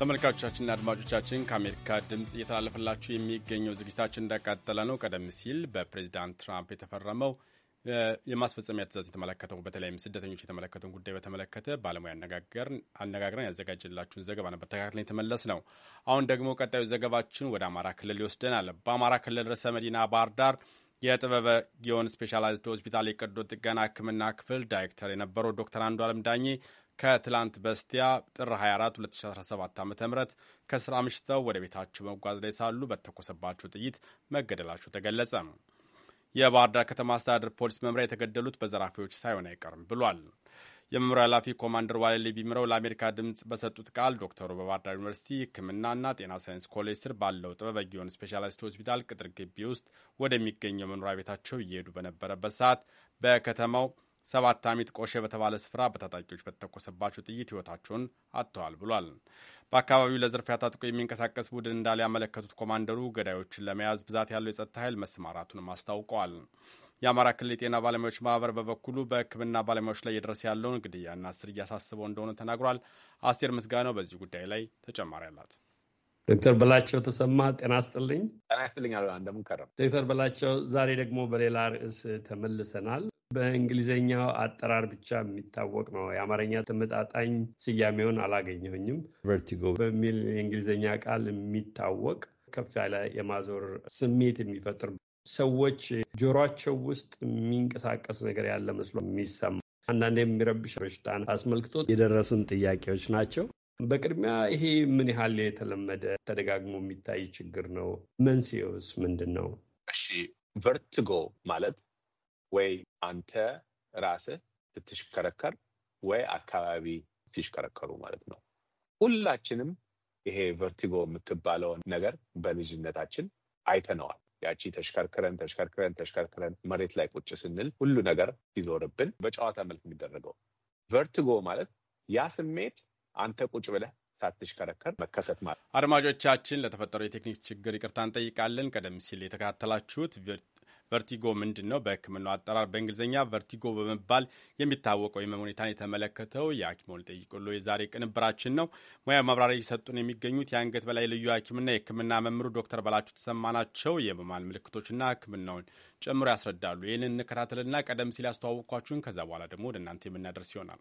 ተመልካቾቻችንና አድማጮቻችን ከአሜሪካ ድምፅ እየተላለፈላችሁ የሚገኘው ዝግጅታችን እንዳቃጠለ ነው። ቀደም ሲል በፕሬዚዳንት ትራምፕ የተፈረመው የማስፈጸሚያ ትእዛዝ የተመለከተው በተለይም ስደተኞች የተመለከተውን ጉዳይ በተመለከተ ባለሙያ አነጋግረን ያዘጋጀላችሁን ዘገባ ነበር ተካትለን የተመለስ ነው። አሁን ደግሞ ቀጣዩ ዘገባችን ወደ አማራ ክልል ይወስደናል። በአማራ ክልል ርዕሰ መዲና ባህር ዳር የጥበበ ጊዮን ስፔሻላይዝድ ሆስፒታል የቀዶ ጥገና ሕክምና ክፍል ዳይሬክተር የነበረው ዶክተር አንዱ አለም ዳኜ ከትላንት በስቲያ ጥር 24 2017 ዓ ም ከስራ አምሽተው ወደ ቤታቸው መጓዝ ላይ ሳሉ በተኮሰባቸው ጥይት መገደላቸው ተገለጸ። የባህር ዳር ከተማ አስተዳደር ፖሊስ መምሪያ የተገደሉት በዘራፊዎች ሳይሆን አይቀርም ብሏል። የመምሪያ ኃላፊ ኮማንደር ዋለሌ ቢምረው ለአሜሪካ ድምፅ በሰጡት ቃል ዶክተሩ በባህር ዳር ዩኒቨርሲቲ ሕክምናና ጤና ሳይንስ ኮሌጅ ስር ባለው ጥበበ ግዮን ስፔሻላይስት ሆስፒታል ቅጥር ግቢ ውስጥ ወደሚገኘው መኖሪያ ቤታቸው እየሄዱ በነበረበት ሰዓት በከተማው ሰባት አሚት ቆሸ በተባለ ስፍራ በታጣቂዎች በተተኮሰባቸው ጥይት ሕይወታቸውን አጥተዋል ብሏል። በአካባቢው ለዝርፊያ ታጥቆ የሚንቀሳቀስ ቡድን እንዳለ ያመለከቱት ኮማንደሩ ገዳዮችን ለመያዝ ብዛት ያለው የጸጥታ ኃይል መሰማራቱንም አስታውቀዋል። የአማራ ክልል የጤና ባለሙያዎች ማህበር በበኩሉ በሕክምና ባለሙያዎች ላይ እየደረሰ ያለውን ግድያና እስር እያሳስበው እንደሆነ ተናግሯል። አስቴር ምስጋናው በዚህ ጉዳይ ላይ ተጨማሪ አላት። ዶክተር በላቸው ተሰማ ጤና ይስጥልኝ። ጤና ይስጥልኝ። እንደምን ከረም ዶክተር በላቸው። ዛሬ ደግሞ በሌላ ርዕስ ተመልሰናል። በእንግሊዝኛው አጠራር ብቻ የሚታወቅ ነው። የአማርኛ ተመጣጣኝ ስያሜውን አላገኘሁኝም። ቨርቲጎ በሚል የእንግሊዝኛ ቃል የሚታወቅ ከፍ ያለ የማዞር ስሜት የሚፈጥር ሰዎች ጆሯቸው ውስጥ የሚንቀሳቀስ ነገር ያለ መስሎ የሚሰማ አንዳንድ የሚረብሽ በሽታን አስመልክቶ የደረሱን ጥያቄዎች ናቸው። በቅድሚያ ይሄ ምን ያህል የተለመደ ተደጋግሞ የሚታይ ችግር ነው? መንስኤውስ ምንድን ነው? እሺ ቨርትጎ ማለት ወይ አንተ ራስህ ስትሽከረከር ወይ አካባቢ ሲሽከረከሩ ማለት ነው። ሁላችንም ይሄ ቨርቲጎ የምትባለውን ነገር በልጅነታችን አይተነዋል። ያቺ ተሽከርክረን ተሽከርክረን ተሽከርክረን መሬት ላይ ቁጭ ስንል ሁሉ ነገር ሲዞርብን በጨዋታ መልክ የሚደረገው ቨርቲጎ ማለት ያ ስሜት አንተ ቁጭ ብለህ ሳትሽከረከር መከሰት ማለት። አድማጮቻችን ለተፈጠረው የቴክኒክ ችግር ይቅርታ እንጠይቃለን። ቀደም ሲል የተከታተላችሁት ቨርቲጎ ምንድን ነው? በህክምናው አጠራር በእንግሊዝኛ ቨርቲጎ በመባል የሚታወቀው የህመም ሁኔታን የተመለከተው የሐኪሞን ይጠይቁሉ የዛሬ ቅንብራችን ነው። ሙያ ማብራሪያ እየሰጡን የሚገኙት የአንገት በላይ ልዩ ሐኪምና የህክምና መምሩ ዶክተር በላቸው ተሰማ ናቸው። የህመማን ምልክቶችና ህክምናውን ጨምሮ ያስረዳሉ። ይህንን እንከታተልና ቀደም ሲል ያስተዋወቅኳችሁን ከዛ በኋላ ደግሞ ወደ እናንተ የምናደርስ ይሆናል።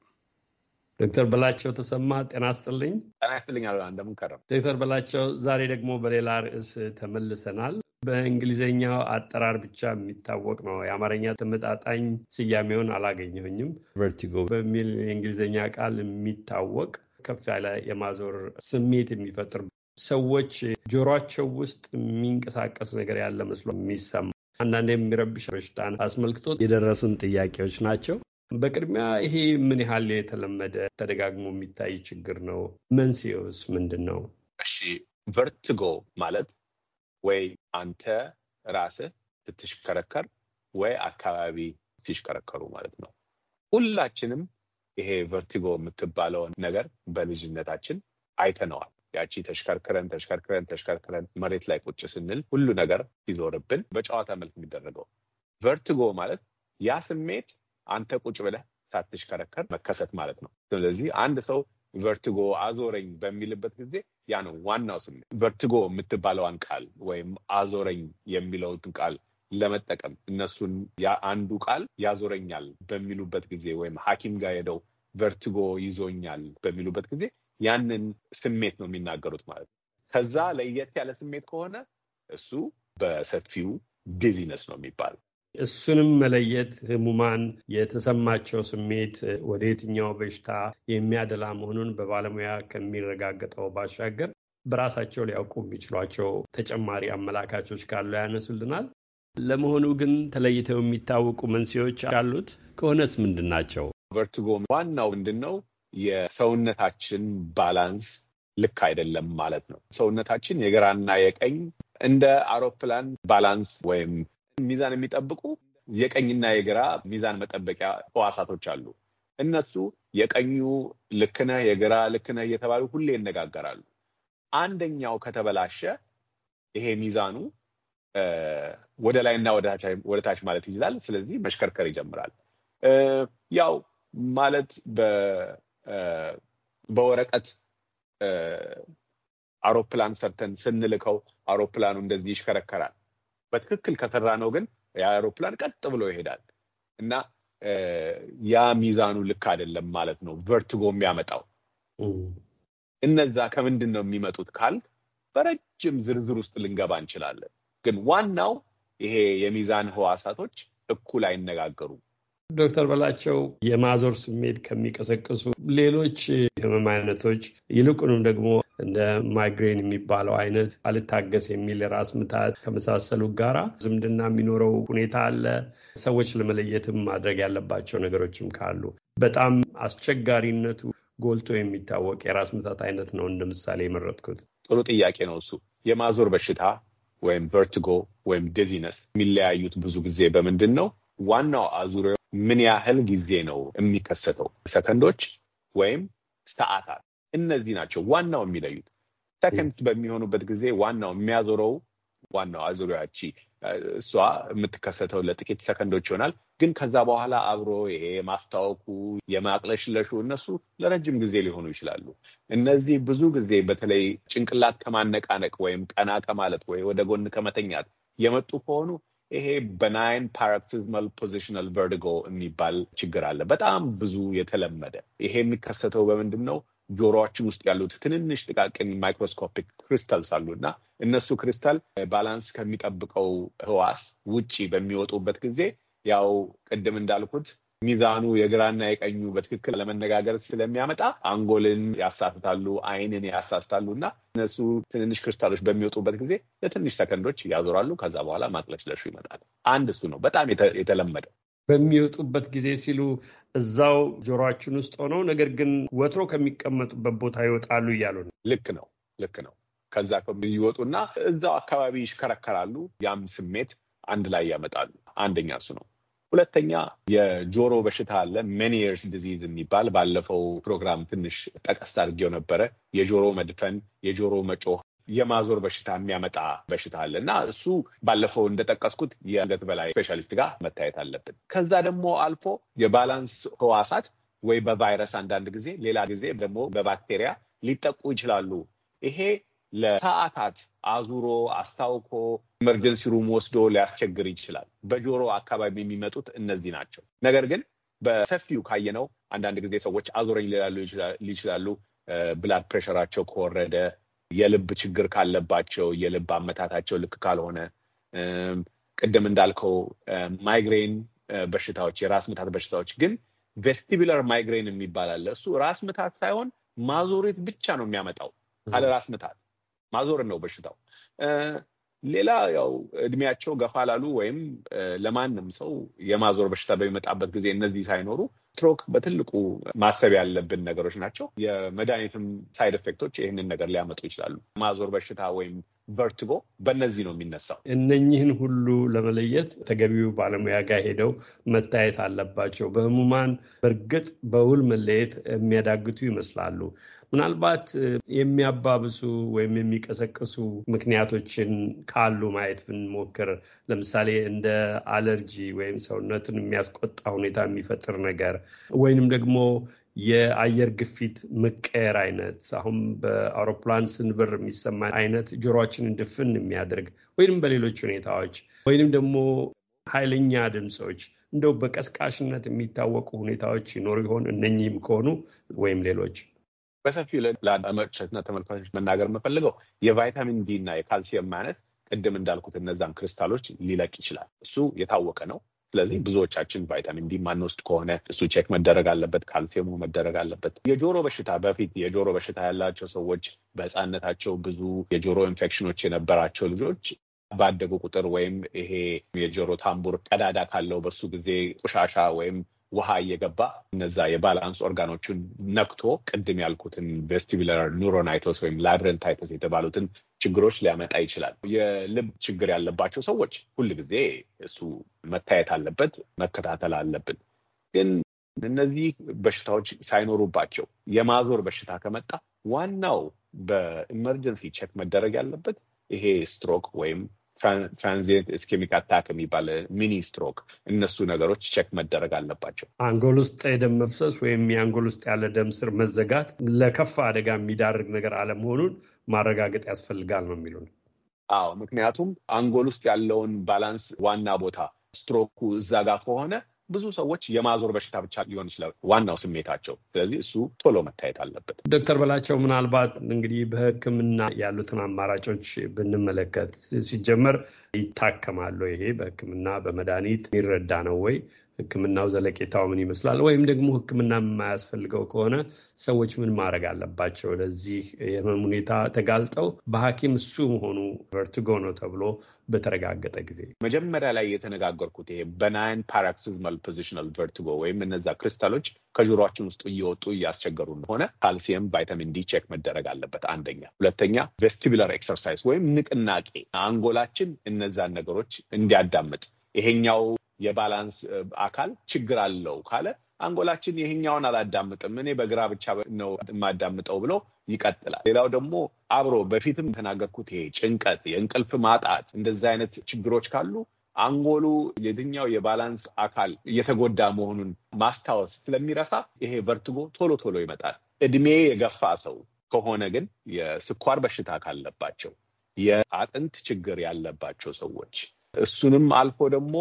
ዶክተር በላቸው ተሰማ ጤና ስጥልኝ። ጤና ይስጥልኝ። እንደምን ከረም ዶክተር በላቸው። ዛሬ ደግሞ በሌላ ርዕስ ተመልሰናል። በእንግሊዝኛው አጠራር ብቻ የሚታወቅ ነው። የአማርኛ ተመጣጣኝ ስያሜውን አላገኘሁኝም። ቨርቲጎ በሚል የእንግሊዝኛ ቃል የሚታወቅ ከፍ ያለ የማዞር ስሜት የሚፈጥር ሰዎች ጆሯቸው ውስጥ የሚንቀሳቀስ ነገር ያለ መስሎ የሚሰማ አንዳንድ የሚረብሽ በሽታን አስመልክቶ የደረሱን ጥያቄዎች ናቸው። በቅድሚያ ይሄ ምን ያህል የተለመደ ተደጋግሞ የሚታይ ችግር ነው? መንስኤውስ ምንድን ነው? እሺ ቨርቲጎ ማለት ወይ አንተ ራስህ ስትሽከረከር ወይ አካባቢ ሲሽከረከሩ ማለት ነው። ሁላችንም ይሄ ቨርቲጎ የምትባለውን ነገር በልጅነታችን አይተነዋል። ያቺ ተሽከርክረን ተሽከርክረን ተሽከርክረን መሬት ላይ ቁጭ ስንል ሁሉ ነገር ሲዞርብን በጨዋታ መልክ የሚደረገው ቨርቲጎ ማለት ያ ስሜት አንተ ቁጭ ብለህ ሳትሽከረከር መከሰት ማለት ነው። ስለዚህ አንድ ሰው ቨርቲጎ አዞረኝ በሚልበት ጊዜ ያ ነው ዋናው ስሜት። ቨርትጎ የምትባለዋን ቃል ወይም አዞረኝ የሚለውን ቃል ለመጠቀም እነሱን አንዱ ቃል ያዞረኛል በሚሉበት ጊዜ ወይም ሐኪም ጋር ሄደው ቨርትጎ ይዞኛል በሚሉበት ጊዜ ያንን ስሜት ነው የሚናገሩት ማለት ነው። ከዛ ለየት ያለ ስሜት ከሆነ እሱ በሰፊው ዲዚነስ ነው የሚባለው። እሱንም መለየት ህሙማን የተሰማቸው ስሜት ወደ የትኛው በሽታ የሚያደላ መሆኑን በባለሙያ ከሚረጋገጠው ባሻገር በራሳቸው ሊያውቁ የሚችሏቸው ተጨማሪ አመላካቾች ካሉ ያነሱልናል። ለመሆኑ ግን ተለይተው የሚታወቁ መንስኤዎች አሉት? ከሆነስ ምንድን ናቸው? ቨርቲጎ ዋናው ምንድን ነው? የሰውነታችን ባላንስ ልክ አይደለም ማለት ነው። ሰውነታችን የግራና የቀኝ እንደ አውሮፕላን ባላንስ ወይም ሚዛን የሚጠብቁ የቀኝና የግራ ሚዛን መጠበቂያ ህዋሳቶች አሉ። እነሱ የቀኙ ልክነህ የግራ ልክነህ እየተባሉ ሁሌ ይነጋገራሉ። አንደኛው ከተበላሸ ይሄ ሚዛኑ ወደ ላይና ወደ ታች ማለት ይችላል። ስለዚህ መሽከርከር ይጀምራል። ያው ማለት በወረቀት አውሮፕላን ሰርተን ስንልከው አውሮፕላኑ እንደዚህ ይሽከረከራል። በትክክል ከሰራ ነው ግን የአውሮፕላን ቀጥ ብሎ ይሄዳል እና ያ ሚዛኑ ልክ አይደለም ማለት ነው። ቨርቲጎ የሚያመጣው እነዛ ከምንድን ነው የሚመጡት ካል በረጅም ዝርዝር ውስጥ ልንገባ እንችላለን። ግን ዋናው ይሄ የሚዛን ህዋሳቶች እኩል አይነጋገሩም። ዶክተር በላቸው የማዞር ስሜት ከሚቀሰቅሱ ሌሎች ህመም አይነቶች ይልቁንም ደግሞ እንደ ማይግሬን የሚባለው አይነት አልታገስ የሚል ራስ ምታት ከመሳሰሉ ጋራ ዝምድና የሚኖረው ሁኔታ አለ። ሰዎች ለመለየትም ማድረግ ያለባቸው ነገሮችም ካሉ በጣም አስቸጋሪነቱ ጎልቶ የሚታወቅ የራስ ምታት አይነት ነው። እንደ ምሳሌ የመረጥኩት ጥሩ ጥያቄ ነው። እሱ የማዞር በሽታ ወይም ቨርቲጎ ወይም ዲዚነስ የሚለያዩት ብዙ ጊዜ በምንድን ነው? ዋናው አዙሪ ምን ያህል ጊዜ ነው የሚከሰተው? ሰከንዶች ወይም ሰዓታት። እነዚህ ናቸው ዋናው የሚለዩት። ሰከንድ በሚሆኑበት ጊዜ ዋናው የሚያዞረው ዋናው አዙሪያቺ እሷ የምትከሰተው ለጥቂት ሰከንዶች ይሆናል። ግን ከዛ በኋላ አብሮ ይሄ ማስታወኩ የማቅለሽለሹ እነሱ ለረጅም ጊዜ ሊሆኑ ይችላሉ። እነዚህ ብዙ ጊዜ በተለይ ጭንቅላት ከማነቃነቅ ወይም ቀና ከማለት ወይ ወደ ጎን ከመተኛት የመጡ ከሆኑ ይሄ በናይን ፓራክሲዝማል ፖዚሽናል ቨርቲጎ የሚባል ችግር አለ። በጣም ብዙ የተለመደ ይሄ የሚከሰተው በምንድን ነው? ጆሮችን ውስጥ ያሉት ትንንሽ ጥቃቅን ማይክሮስኮፒክ ክሪስታልስ አሉ እና እነሱ ክሪስታል ባላንስ ከሚጠብቀው ህዋስ ውጪ በሚወጡበት ጊዜ ያው ቅድም እንዳልኩት ሚዛኑ የግራና የቀኙ በትክክል ለመነጋገር ስለሚያመጣ አንጎልን ያሳትታሉ አይንን ያሳስታሉ እና እነሱ ትንንሽ ክርስታሎች በሚወጡበት ጊዜ ለትንሽ ሰከንዶች ያዞራሉ። ከዛ በኋላ ማቅለሽለሹ ይመጣል። አንድ እሱ ነው በጣም የተለመደ በሚወጡበት ጊዜ ሲሉ እዛው ጆሮችን ውስጥ ሆነው ነገር ግን ወትሮ ከሚቀመጡበት ቦታ ይወጣሉ እያሉ ነው። ልክ ነው፣ ልክ ነው። ከዛ ይወጡና እዛው አካባቢ ይሽከረከራሉ። ያም ስሜት አንድ ላይ ያመጣሉ። አንደኛ እሱ ነው። ሁለተኛ የጆሮ በሽታ አለ፣ ሜኒየርስ ዲዚዝ የሚባል ባለፈው ፕሮግራም ትንሽ ጠቀስ አድርጌው ነበረ። የጆሮ መድፈን፣ የጆሮ መጮህ፣ የማዞር በሽታ የሚያመጣ በሽታ አለ እና እሱ ባለፈው እንደጠቀስኩት የአንገት በላይ ስፔሻሊስት ጋር መታየት አለብን። ከዛ ደግሞ አልፎ የባላንስ ህዋሳት ወይ በቫይረስ አንዳንድ ጊዜ ሌላ ጊዜ ደግሞ በባክቴሪያ ሊጠቁ ይችላሉ። ይሄ ለሰዓታት አዙሮ አስታውቆ ኢመርጀንሲ ሩም ወስዶ ሊያስቸግር ይችላል። በጆሮ አካባቢ የሚመጡት እነዚህ ናቸው። ነገር ግን በሰፊው ካየነው አንዳንድ ጊዜ ሰዎች አዙረኝ ሊላሉ ይችላሉ። ብላድ ፕሬሸራቸው ከወረደ፣ የልብ ችግር ካለባቸው፣ የልብ አመታታቸው ልክ ካልሆነ፣ ቅድም እንዳልከው ማይግሬን በሽታዎች፣ የራስ ምታት በሽታዎች ግን ቬስቲቢለር ማይግሬን የሚባል አለ። እሱ ራስ ምታት ሳይሆን ማዞሪት ብቻ ነው የሚያመጣው ካለ ራስ ምታት ማዞርን ነው በሽታው። ሌላ ያው እድሜያቸው ገፋ ላሉ ወይም ለማንም ሰው የማዞር በሽታ በሚመጣበት ጊዜ እነዚህ ሳይኖሩ ስትሮክ በትልቁ ማሰብ ያለብን ነገሮች ናቸው። የመድኃኒትም ሳይድ ኤፌክቶች ይህንን ነገር ሊያመጡ ይችላሉ። ማዞር በሽታ ወይም ቨርቲጎ በእነዚህ ነው የሚነሳው። እነኚህን ሁሉ ለመለየት ተገቢው ባለሙያ ጋር ሄደው መታየት አለባቸው። በህሙማን በእርግጥ በውል መለየት የሚያዳግቱ ይመስላሉ። ምናልባት የሚያባብሱ ወይም የሚቀሰቅሱ ምክንያቶችን ካሉ ማየት ብንሞክር፣ ለምሳሌ እንደ አለርጂ ወይም ሰውነትን የሚያስቆጣ ሁኔታ የሚፈጥር ነገር ወይንም ደግሞ የአየር ግፊት መቀየር አይነት አሁን በአውሮፕላን ስንብር የሚሰማ አይነት ጆሮአችንን ድፍን የሚያደርግ ወይንም በሌሎች ሁኔታዎች ወይንም ደግሞ ኃይለኛ ድምፆች እንደው በቀስቃሽነት የሚታወቁ ሁኔታዎች ይኖሩ ይሆን? እነኚህም ከሆኑ ወይም ሌሎች በሰፊው ለአድማጮቻችንና ተመልካቾች መናገር የምፈልገው የቫይታሚን ዲ እና የካልሲየም ማነት ቅድም እንዳልኩት እነዛን ክሪስታሎች ሊለቅ ይችላል። እሱ የታወቀ ነው። ስለዚህ ብዙዎቻችን ቫይታሚን ዲ ማንወስድ ከሆነ እሱ ቼክ መደረግ አለበት፣ ካልሲየሙ መደረግ አለበት። የጆሮ በሽታ በፊት የጆሮ በሽታ ያላቸው ሰዎች በህፃነታቸው ብዙ የጆሮ ኢንፌክሽኖች የነበራቸው ልጆች ባደጉ ቁጥር ወይም ይሄ የጆሮ ታምቡር ቀዳዳ ካለው በሱ ጊዜ ቆሻሻ ወይም ውሃ እየገባ እነዛ የባላንስ ኦርጋኖቹን ነክቶ ቅድም ያልኩትን ቬስቲቢለር ኑሮናይቶስ ወይም ላብረንታይቶስ የተባሉትን ችግሮች ሊያመጣ ይችላል። የልብ ችግር ያለባቸው ሰዎች ሁል ጊዜ እሱ መታየት አለበት፣ መከታተል አለብን። ግን እነዚህ በሽታዎች ሳይኖሩባቸው የማዞር በሽታ ከመጣ ዋናው በኢመርጀንሲ ቼክ መደረግ ያለበት ይሄ ስትሮክ ወይም ትራንዚየንት እስኬሚክ አታክ የሚባል ሚኒ ስትሮክ፣ እነሱ ነገሮች ቸክ መደረግ አለባቸው። አንጎል ውስጥ የደም መፍሰስ ወይም የአንጎል ውስጥ ያለ ደም ስር መዘጋት ለከፋ አደጋ የሚዳርግ ነገር አለመሆኑን ማረጋገጥ ያስፈልጋል ነው የሚሉን። አዎ፣ ምክንያቱም አንጎል ውስጥ ያለውን ባላንስ ዋና ቦታ ስትሮኩ እዛ ጋር ከሆነ ብዙ ሰዎች የማዞር በሽታ ብቻ ሊሆን ይችላል ዋናው ስሜታቸው። ስለዚህ እሱ ቶሎ መታየት አለበት። ዶክተር በላቸው ምናልባት እንግዲህ በሕክምና ያሉትን አማራጮች ብንመለከት ሲጀመር ይታከማሉ። ይሄ በሕክምና በመድኃኒት የሚረዳ ነው ወይ? ህክምናው ዘለቄታው ምን ይመስላል? ወይም ደግሞ ህክምና የማያስፈልገው ከሆነ ሰዎች ምን ማድረግ አለባቸው? ለዚህ የህመም ሁኔታ ተጋልጠው በሐኪም እሱ መሆኑ ቨርትጎ ነው ተብሎ በተረጋገጠ ጊዜ መጀመሪያ ላይ የተነጋገርኩት ይሄ በናይን ፓራክሲዝማል ፖዚሽናል ቨርትጎ ወይም እነዛ ክሪስታሎች ከጆሮችን ውስጥ እየወጡ እያስቸገሩ እንደሆነ ካልሲየም፣ ቫይታሚን ዲ ቼክ መደረግ አለበት። አንደኛ። ሁለተኛ ቬስቲቡላር ኤክሰርሳይዝ ወይም ንቅናቄ አንጎላችን እነዛን ነገሮች እንዲያዳምጥ ይሄኛው የባላንስ አካል ችግር አለው ካለ አንጎላችን ይህኛውን አላዳምጥም እኔ በግራ ብቻ ነው የማዳምጠው ብሎ ይቀጥላል። ሌላው ደግሞ አብሮ በፊትም የተናገርኩት ይሄ ጭንቀት፣ የእንቅልፍ ማጣት እንደዚህ አይነት ችግሮች ካሉ አንጎሉ የትኛው የባላንስ አካል እየተጎዳ መሆኑን ማስታወስ ስለሚረሳ ይሄ ቨርቲጎ ቶሎ ቶሎ ይመጣል። እድሜ የገፋ ሰው ከሆነ ግን የስኳር በሽታ ካለባቸው፣ የአጥንት ችግር ያለባቸው ሰዎች እሱንም አልፎ ደግሞ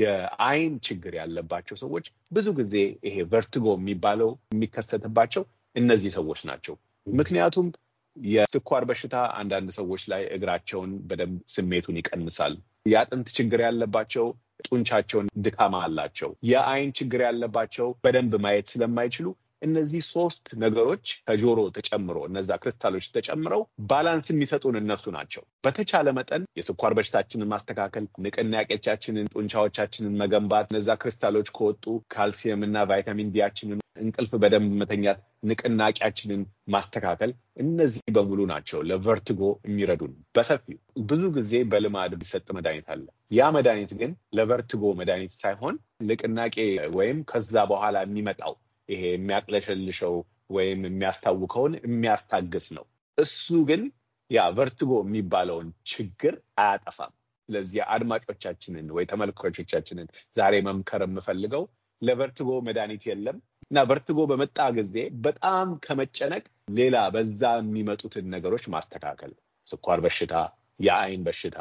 የአይን ችግር ያለባቸው ሰዎች ብዙ ጊዜ ይሄ ቨርትጎ የሚባለው የሚከሰትባቸው እነዚህ ሰዎች ናቸው። ምክንያቱም የስኳር በሽታ አንዳንድ ሰዎች ላይ እግራቸውን በደንብ ስሜቱን ይቀንሳል። የአጥንት ችግር ያለባቸው ጡንቻቸውን ድካማ አላቸው። የአይን ችግር ያለባቸው በደንብ ማየት ስለማይችሉ እነዚህ ሶስት ነገሮች ከጆሮ ተጨምሮ እነዛ ክሪስታሎች ተጨምረው ባላንስ የሚሰጡን እነሱ ናቸው። በተቻለ መጠን የስኳር በሽታችንን ማስተካከል፣ ንቅናቄቻችንን፣ ጡንቻዎቻችንን መገንባት፣ እነዛ ክሪስታሎች ከወጡ ካልሲየም እና ቫይታሚን ዲያችንን፣ እንቅልፍ በደንብ መተኛት፣ ንቅናቄያችንን ማስተካከል፣ እነዚህ በሙሉ ናቸው ለቨርቲጎ የሚረዱን። በሰፊው ብዙ ጊዜ በልማድ የሚሰጥ መድኃኒት አለ። ያ መድኃኒት ግን ለቨርቲጎ መድኃኒት ሳይሆን ንቅናቄ ወይም ከዛ በኋላ የሚመጣው ይሄ የሚያቅለሸልሸው ወይም የሚያስታውከውን የሚያስታግስ ነው። እሱ ግን ያ ቨርትጎ የሚባለውን ችግር አያጠፋም። ስለዚህ አድማጮቻችንን ወይ ተመልካቾቻችንን ዛሬ መምከር የምፈልገው ለቨርትጎ መድኃኒት የለም እና ቨርትጎ በመጣ ጊዜ በጣም ከመጨነቅ ሌላ በዛ የሚመጡትን ነገሮች ማስተካከል፣ ስኳር በሽታ፣ የአይን በሽታ፣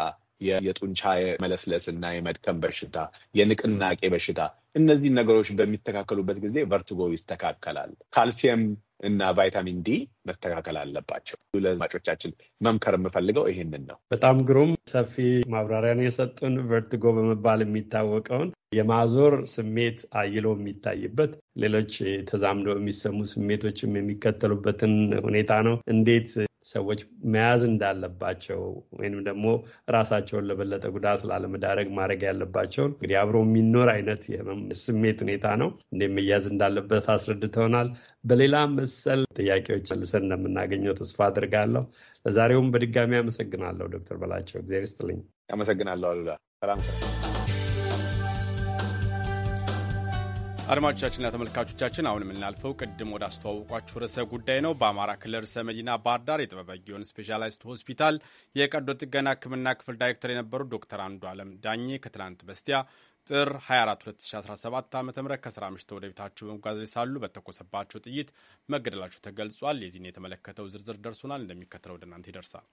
የጡንቻ መለስለስ እና የመድከም በሽታ፣ የንቅናቄ በሽታ እነዚህ ነገሮች በሚተካከሉበት ጊዜ ቨርትጎ ይስተካከላል። ካልሲየም እና ቫይታሚን ዲ መስተካከል አለባቸው። ለአድማጮቻችን መምከር የምፈልገው ይህንን ነው። በጣም ግሩም ሰፊ ማብራሪያ ነው የሰጡን። ቨርትጎ በመባል የሚታወቀውን የማዞር ስሜት አይሎ የሚታይበት ሌሎች ተዛምዶ የሚሰሙ ስሜቶችም የሚከተሉበትን ሁኔታ ነው እንዴት ሰዎች መያዝ እንዳለባቸው ወይም ደግሞ ራሳቸውን ለበለጠ ጉዳት ላለመዳረግ ማድረግ ያለባቸውን እንግዲህ አብሮ የሚኖር አይነት የህመም ስሜት ሁኔታ ነው እንደ መያዝ እንዳለበት አስረድተውናል። በሌላ መሰል ጥያቄዎች መልሰን እንደምናገኘው ተስፋ አድርጋለሁ። ለዛሬውም በድጋሚ አመሰግናለሁ ዶክተር በላቸው እግዚአብሔር ይስጥልኝ። አመሰግናለሁ አሉላ። ሰላም። አድማጮቻችንና ተመልካቾቻችን አሁን የምናልፈው ቅድም ወደ አስተዋወቋችሁ ርዕሰ ጉዳይ ነው። በአማራ ክልል ርዕሰ መዲና ባህር ዳር የጥበበ ጊዮን ሆስፒታል የቀዶ ጥገና ሕክምና ክፍል ዳይሬክተር የነበሩት ዶክተር አንዱ አለም ዳኜ ከትላንት በስቲያ ጥር 24 2017 ዓ ም ከስራ ምሽተው ወደ ቤታቸው በመጓዝ ላይ ሳሉ በተኮሰባቸው ጥይት መገደላቸው ተገልጿል። የዚህን የተመለከተው ዝርዝር ደርሶናል፣ እንደሚከተለው ወደ እናንተ ይደርሳል።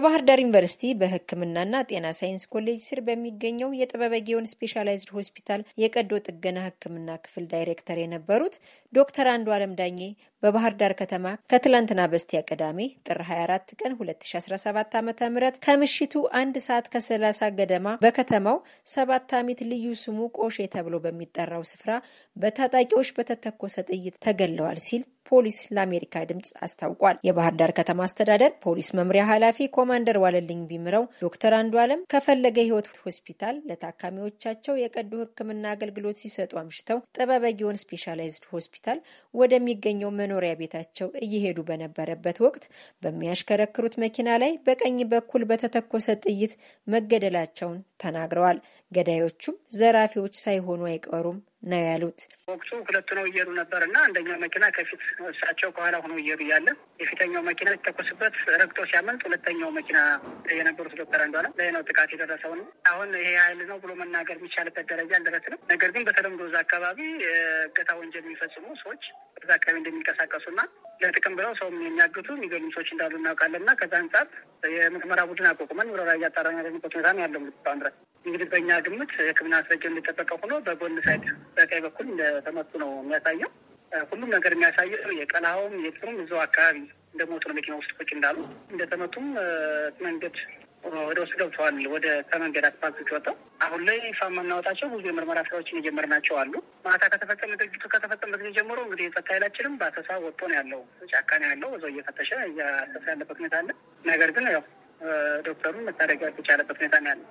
በባህር ዳር ዩኒቨርሲቲ በሕክምናና ጤና ሳይንስ ኮሌጅ ስር በሚገኘው የጥበበ ጊዮን ስፔሻላይዝድ ሆስፒታል የቀዶ ጥገና ሕክምና ክፍል ዳይሬክተር የነበሩት ዶክተር አንዱ አለም ዳኜ በባህር ዳር ከተማ ከትላንትና በስቲያ ቅዳሜ ጥር 24 ቀን 2017 ዓ ም ከምሽቱ አንድ ሰዓት ከ30 ገደማ በከተማው ሰባት አሚት ልዩ ስሙ ቆሼ ተብሎ በሚጠራው ስፍራ በታጣቂዎች በተተኮሰ ጥይት ተገለዋል ሲል ፖሊስ ለአሜሪካ ድምጽ አስታውቋል። የባህር ዳር ከተማ አስተዳደር ፖሊስ መምሪያ ኃላፊ ኮማንደር ዋለልኝ ቢምረው ዶክተር አንዱ አለም ከፈለገ ህይወት ሆስፒታል ለታካሚዎቻቸው የቀዶ ሕክምና አገልግሎት ሲሰጡ አምሽተው ጥበበጊዮን ስፔሻላይዝድ ሆስፒታል ወደሚገኘው መኖሪያ ቤታቸው እየሄዱ በነበረበት ወቅት በሚያሽከረክሩት መኪና ላይ በቀኝ በኩል በተተኮሰ ጥይት መገደላቸውን ተናግረዋል። ገዳዮቹም ዘራፊዎች ሳይሆኑ አይቀሩም ነው ያሉት። ወቅቱ ሁለቱ ነው እየሄዱ ነበር እና አንደኛው መኪና ከፊት እሳቸው ከኋላ ሆኖ እየሄዱ እያለ የፊተኛው መኪና ሲተኮስበት ረግጦ ሲያመልጥ፣ ሁለተኛው መኪና የነበሩት ዶክተር አንዷለ ላይ ነው ጥቃት የደረሰው ነው። አሁን ይሄ ኃይል ነው ብሎ መናገር የሚቻልበት ደረጃ ነው። ነገር ግን በተለምዶ እዛ አካባቢ እገታ ወንጀል የሚፈጽሙ ሰዎች እዛ አካባቢ እንደሚንቀሳቀሱ እንደሚንቀሳቀሱና ለጥቅም ብለው ሰው የሚያግቱ የሚገኙ ሰዎች እንዳሉ እናውቃለን እና ከዛ አንጻር የምርመራ ቡድን አቋቁመን ምርመራ እያጣራ ያለንበት ሁኔታ ነው ያለው። ማለት እንግዲህ በእኛ ግምት ሕክምና አስረጀ እንደጠበቀ ሆኖ በጎን ሳይድ በቀኝ በኩል እንደተመቱ ነው የሚያሳየው። ሁሉም ነገር የሚያሳየው የቀላውም የጥሩም እዛው አካባቢ እንደ ሞቱ ነው። መኪና ውስጥ ቁጭ እንዳሉ እንደተመቱም መንገድ ወደ ውስጥ ገብተዋል። ወደ ከመንገድ አስፓልት ወጥተው አሁን ላይ ይፋ የማናወጣቸው ብዙ የምርመራ ስራዎችን ናቸው አሉ። ማታ ከተፈጸመ ድርጊቱ ከተፈጸመ ጊዜ ጀምሮ እንግዲህ የጸጥታ ኃይላችንም በአሰሳ ወጥቶ ነው ያለው፣ ጫካ ነው ያለው፣ እዛው እየፈተሸ እያሰሳ ያለበት ሁኔታ አለ። ነገር ግን ያው ዶክተሩን መታደግ ያልተቻለበት ሁኔታ ነው ያለው።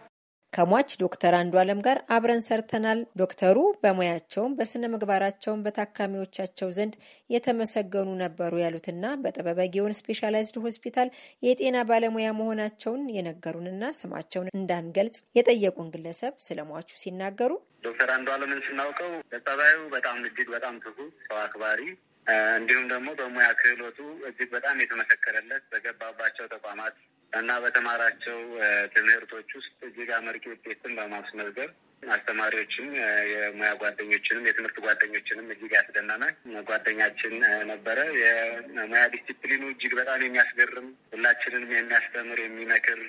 ከሟች ዶክተር አንዱ አለም ጋር አብረን ሰርተናል። ዶክተሩ በሙያቸውም በስነ ምግባራቸውም በታካሚዎቻቸው ዘንድ የተመሰገኑ ነበሩ ያሉትና በጥበበ ስፔሻላይዝድ ሆስፒታል የጤና ባለሙያ መሆናቸውን የነገሩንና ስማቸውን እንዳንገልጽ የጠየቁን ግለሰብ ስለ ሟቹ ሲናገሩ ዶክተር አንዱ አለምን ስናውቀው በጸባዩ በጣም እጅግ በጣም ትጉ ሰው አክባሪ እንዲሁም ደግሞ በሙያ ክህሎቱ እጅግ በጣም የተመሰከረለት በገባባቸው ተቋማት እና በተማራቸው ትምህርቶች ውስጥ እጅግ አመርቂ ውጤትን በማስመዝገብ አስተማሪዎችን፣ የሙያ ጓደኞችንም፣ የትምህርት ጓደኞችንም እጅግ ያስደመመ ጓደኛችን ነበረ። የሙያ ዲስፕሊኑ እጅግ በጣም የሚያስገርም ሁላችንንም የሚያስተምር የሚመክር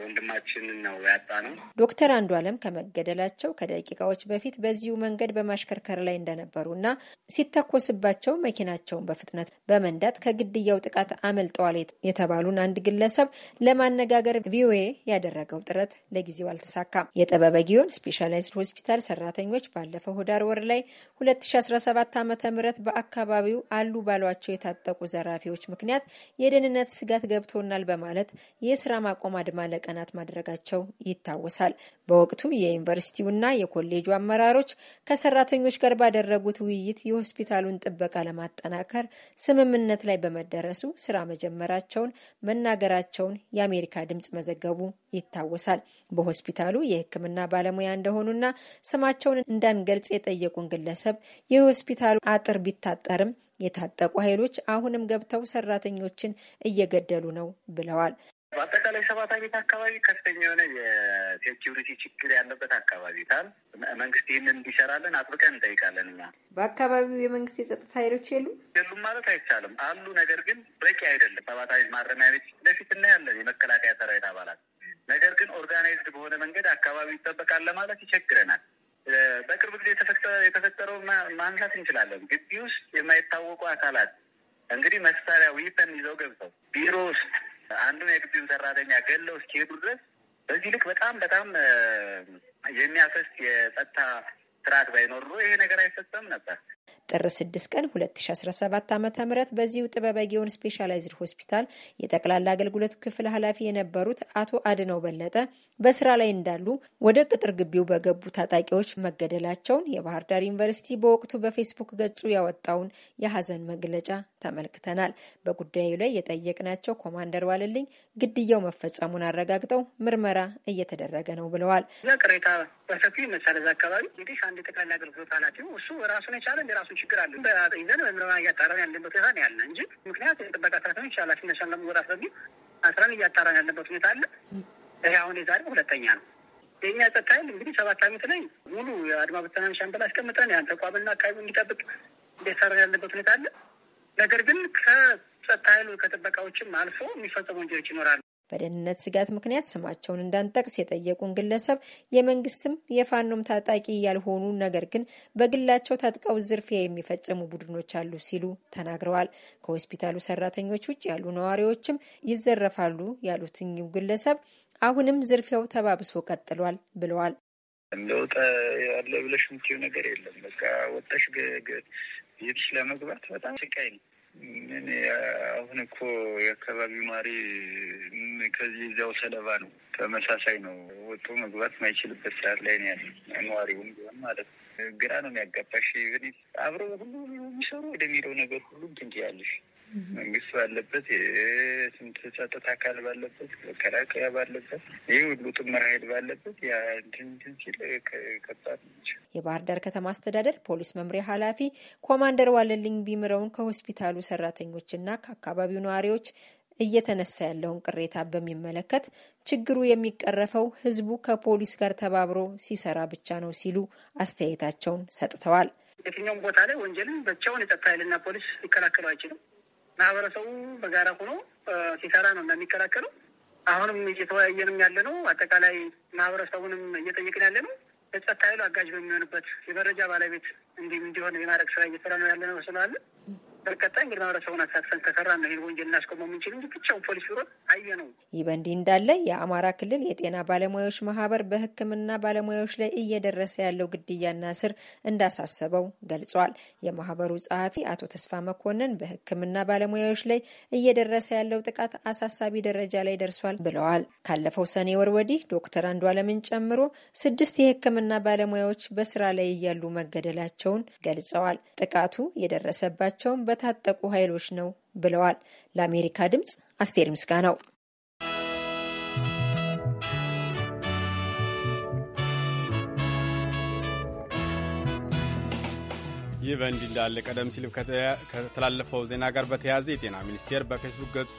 ወንድማችን ነው ያጣ ነው። ዶክተር አንዱ አለም ከመገደላቸው ከደቂቃዎች በፊት በዚሁ መንገድ በማሽከርከር ላይ እንደነበሩ እና ሲተኮስባቸው መኪናቸውን በፍጥነት በመንዳት ከግድያው ጥቃት አመልጠዋል የተባሉን አንድ ግለሰብ ለማነጋገር ቪኦኤ ያደረገው ጥረት ለጊዜው አልተሳካም። የጥበበ ጊዮን ስፔሻላይዝድ ሆስፒታል ሰራተኞች ባለፈው ህዳር ወር ላይ 2017 ዓ ም በአካባቢው አሉ ባሏቸው የታጠቁ ዘራፊዎች ምክንያት የደህንነት ስጋት ገብቶናል በማለት የስራ ማቆም አድማ ባለቀናት ማድረጋቸው ይታወሳል። በወቅቱ የዩኒቨርሲቲውና የኮሌጁ አመራሮች ከሰራተኞች ጋር ባደረጉት ውይይት የሆስፒታሉን ጥበቃ ለማጠናከር ስምምነት ላይ በመደረሱ ስራ መጀመራቸውን መናገራቸውን የአሜሪካ ድምፅ መዘገቡ ይታወሳል። በሆስፒታሉ የሕክምና ባለሙያ እንደሆኑና ስማቸውን እንዳንገልጽ የጠየቁን ግለሰብ የሆስፒታሉ አጥር ቢታጠርም የታጠቁ ኃይሎች አሁንም ገብተው ሰራተኞችን እየገደሉ ነው ብለዋል። በአጠቃላይ ሰባታ ቤት አካባቢ ከፍተኛ የሆነ የሴኪሪቲ ችግር ያለበት አካባቢ ታል መንግስት ይህንን እንዲሰራለን አጥብቀን እንጠይቃለን። እኛ በአካባቢው የመንግስት የጸጥታ ኃይሎች የሉ የሉም ማለት አይቻልም። አሉ፣ ነገር ግን በቂ አይደለም። ሰባታ ቤት ማረሚያ ቤት ለፊት እናያለን የመከላከያ ሰራዊት አባላት። ነገር ግን ኦርጋናይዝድ በሆነ መንገድ አካባቢው ይጠበቃል ለማለት ይቸግረናል። በቅርብ ጊዜ የተፈጠረው ማንሳት እንችላለን። ግቢ ውስጥ የማይታወቁ አካላት እንግዲህ መሳሪያ ዊፐን ይዘው ገብተው ቢሮ ውስጥ አንዱን የግቢውን ሰራተኛ ገለው እስኪሄዱ ድረስ በዚህ ልክ በጣም በጣም የሚያሰስ የጸጥታ ስርዓት ባይኖር ይሄ ነገር አይፈጸም ነበር። ጥር 6 ቀን 2017 ዓ ም በዚሁ ጥበበ ጊዮን ስፔሻላይዝድ ሆስፒታል የጠቅላላ አገልግሎት ክፍል ኃላፊ የነበሩት አቶ አድነው በለጠ በስራ ላይ እንዳሉ ወደ ቅጥር ግቢው በገቡ ታጣቂዎች መገደላቸውን የባህር ዳር ዩኒቨርሲቲ በወቅቱ በፌስቡክ ገጹ ያወጣውን የሐዘን መግለጫ ተመልክተናል። በጉዳዩ ላይ የጠየቅናቸው ኮማንደር ዋልልኝ ግድያው መፈጸሙን አረጋግጠው ምርመራ እየተደረገ ነው ብለዋል። ቅሬታ በሰፊ መሰለዝ አካባቢ እንግዲህ አንድ የጠቅላላ አገልግሎት ኃላፊ እሱ ራሱን የቻለ የራሱ ችግር አለ። በጠይዘን በምርመራ እያጣራን ያለበት ሁኔታ ነው ያለ እንጂ ምክንያት የጥበቃ ሰራተኞች ኃላፊነታቸውን ለመወጣት በሚል አስራን እያጣራን ያለበት ሁኔታ አለ። ይህ አሁን የዛሬ ሁለተኛ ነው። የእኛ ጸጥታ ኃይል እንግዲህ ሰባት ዓመት ላይ ሙሉ የአድማ ብተናን ሻምበል አስቀምጠን ያን ተቋምና አካባቢ እንዲጠብቅ እንደሰራ ያለበት ሁኔታ አለ። ነገር ግን ከጸጥታ ኃይሉ ከጥበቃዎችም አልፎ የሚፈጸሙ ወንጀሎች ይኖራሉ። በደህንነት ስጋት ምክንያት ስማቸውን እንዳንጠቅስ የጠየቁን ግለሰብ የመንግስትም የፋኖም ታጣቂ ያልሆኑ ነገር ግን በግላቸው ታጥቀው ዝርፊያ የሚፈጽሙ ቡድኖች አሉ ሲሉ ተናግረዋል። ከሆስፒታሉ ሰራተኞች ውጭ ያሉ ነዋሪዎችም ይዘረፋሉ ያሉት እኚሁ ግለሰብ አሁንም ዝርፊያው ተባብሶ ቀጥሏል ብለዋል። እንደውጠ ያለ ብለሽ ምትይው ነገር የለም። በቃ ወጣሽ ቤትሽ ለመግባት በጣም ስቃይ ነው። ምን አሁን እኮ የአካባቢው ማሪ ከዚህ እዚያው ሰለባ ነው። ተመሳሳይ ነው። ወጡ መግባት ማይችልበት ሰዓት ላይ ነው ያለ ነዋሪውም ቢሆን ማለት ነው። ግራ ነው የሚያጋባሽ። አብረው ሁሉ የሚሰሩ ወደሚለው ነገር ሁሉ ትንት ያለሽ መንግስት ባለበት የስንት ጸጥታ አካል ባለበት መከላከያ ባለበት ይህ ሁሉ ጥምር ኃይል ባለበት ያንድንድን ሲል ከባድ ናቸው። የባህር ዳር ከተማ አስተዳደር ፖሊስ መምሪያ ኃላፊ ኮማንደር ዋለልኝ ቢምረውን ከሆስፒታሉ ሰራተኞችና ከአካባቢው ነዋሪዎች እየተነሳ ያለውን ቅሬታ በሚመለከት ችግሩ የሚቀረፈው ህዝቡ ከፖሊስ ጋር ተባብሮ ሲሰራ ብቻ ነው ሲሉ አስተያየታቸውን ሰጥተዋል። የትኛውም ቦታ ላይ ወንጀልን ብቻውን የጸጥታ ኃይልና ፖሊስ ሊከላከሉ አይችልም። ማህበረሰቡ በጋራ ሆኖ ሲሰራ ነው እና አሁንም እየተወያየንም ያለ ነው። አጠቃላይ ማህበረሰቡንም እየጠየቅን ያለ ነው። የጸጥታ ኃይሉ አጋዥ በሚሆንበት የመረጃ ባለቤት እንዲህ እንዲሆን የማድረግ ስራ እየሰራ ነው ያለ ነው ስላለ በርካታ እንግዲህ ማህበረሰቡን አሳትፈን ከሰራ ነው ይህን ወንጀል እናስቆመው የምንችል እንጂ ብቻውን ፖሊስ ቢሮ አየ ነው። ይህ በእንዲህ እንዳለ የአማራ ክልል የጤና ባለሙያዎች ማህበር በሕክምና ባለሙያዎች ላይ እየደረሰ ያለው ግድያና ስር እንዳሳሰበው ገልጿል። የማህበሩ ጸሐፊ አቶ ተስፋ መኮንን በሕክምና ባለሙያዎች ላይ እየደረሰ ያለው ጥቃት አሳሳቢ ደረጃ ላይ ደርሷል ብለዋል። ካለፈው ሰኔ ወር ወዲህ ዶክተር አንዱ አለምን ጨምሮ ስድስት የሕክምና ባለሙያዎች በስራ ላይ እያሉ መገደላቸውን ገልጸዋል። ጥቃቱ የደረሰባቸውን በ በታጠቁ ኃይሎች ነው ብለዋል። ለአሜሪካ ድምፅ አስቴር ምስጋናው። ይህ በእንዲህ እንዳለ ቀደም ሲል ከተላለፈው ዜና ጋር በተያያዘ የጤና ሚኒስቴር በፌስቡክ ገጹ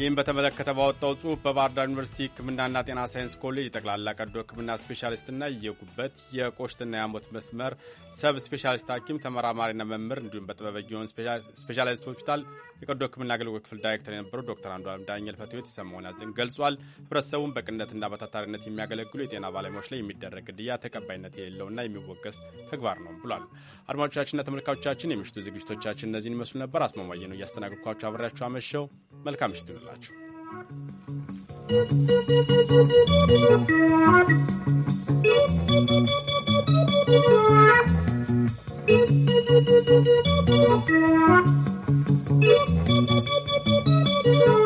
ይህም በተመለከተ ባወጣው ጽሁፍ በባህር ዳር ዩኒቨርሲቲ ህክምናና ጤና ሳይንስ ኮሌጅ የጠቅላላ ቀዶ ሕክምና ስፔሻሊስትና የጉበት የቆሽትና የሐሞት መስመር ሰብ ስፔሻሊስት ሐኪም ተመራማሪና መምህር እንዲሁም በጥበበ ግዮን ስፔሻላይዝድ ሆስፒታል የቀዶ ህክምና አገልግሎት ክፍል ዳይሬክተር የነበረው ዶክተር አንዱዓለም ዳኛል ፈትዮ የተሰማውን ሐዘን ገልጿል። ህብረተሰቡን በቅንነትና በታታሪነት የሚያገለግሉ የጤና ባለሙያዎች ላይ የሚደረግ ግድያ ተቀባይነት የሌለውና የሚወገዝ ተግባር ነው ብሏል። አድማጮቻችንና ተመልካቾቻችን የምሽቱ ዝግጅቶቻችን እነዚህን ይመስሉ ነበር። አስማማየ ነው እያስተናገድኳቸው አብሬያቸው አመሸው። መልካም ምሽት ይሆናል። ታገኙታላችሁ። ¶¶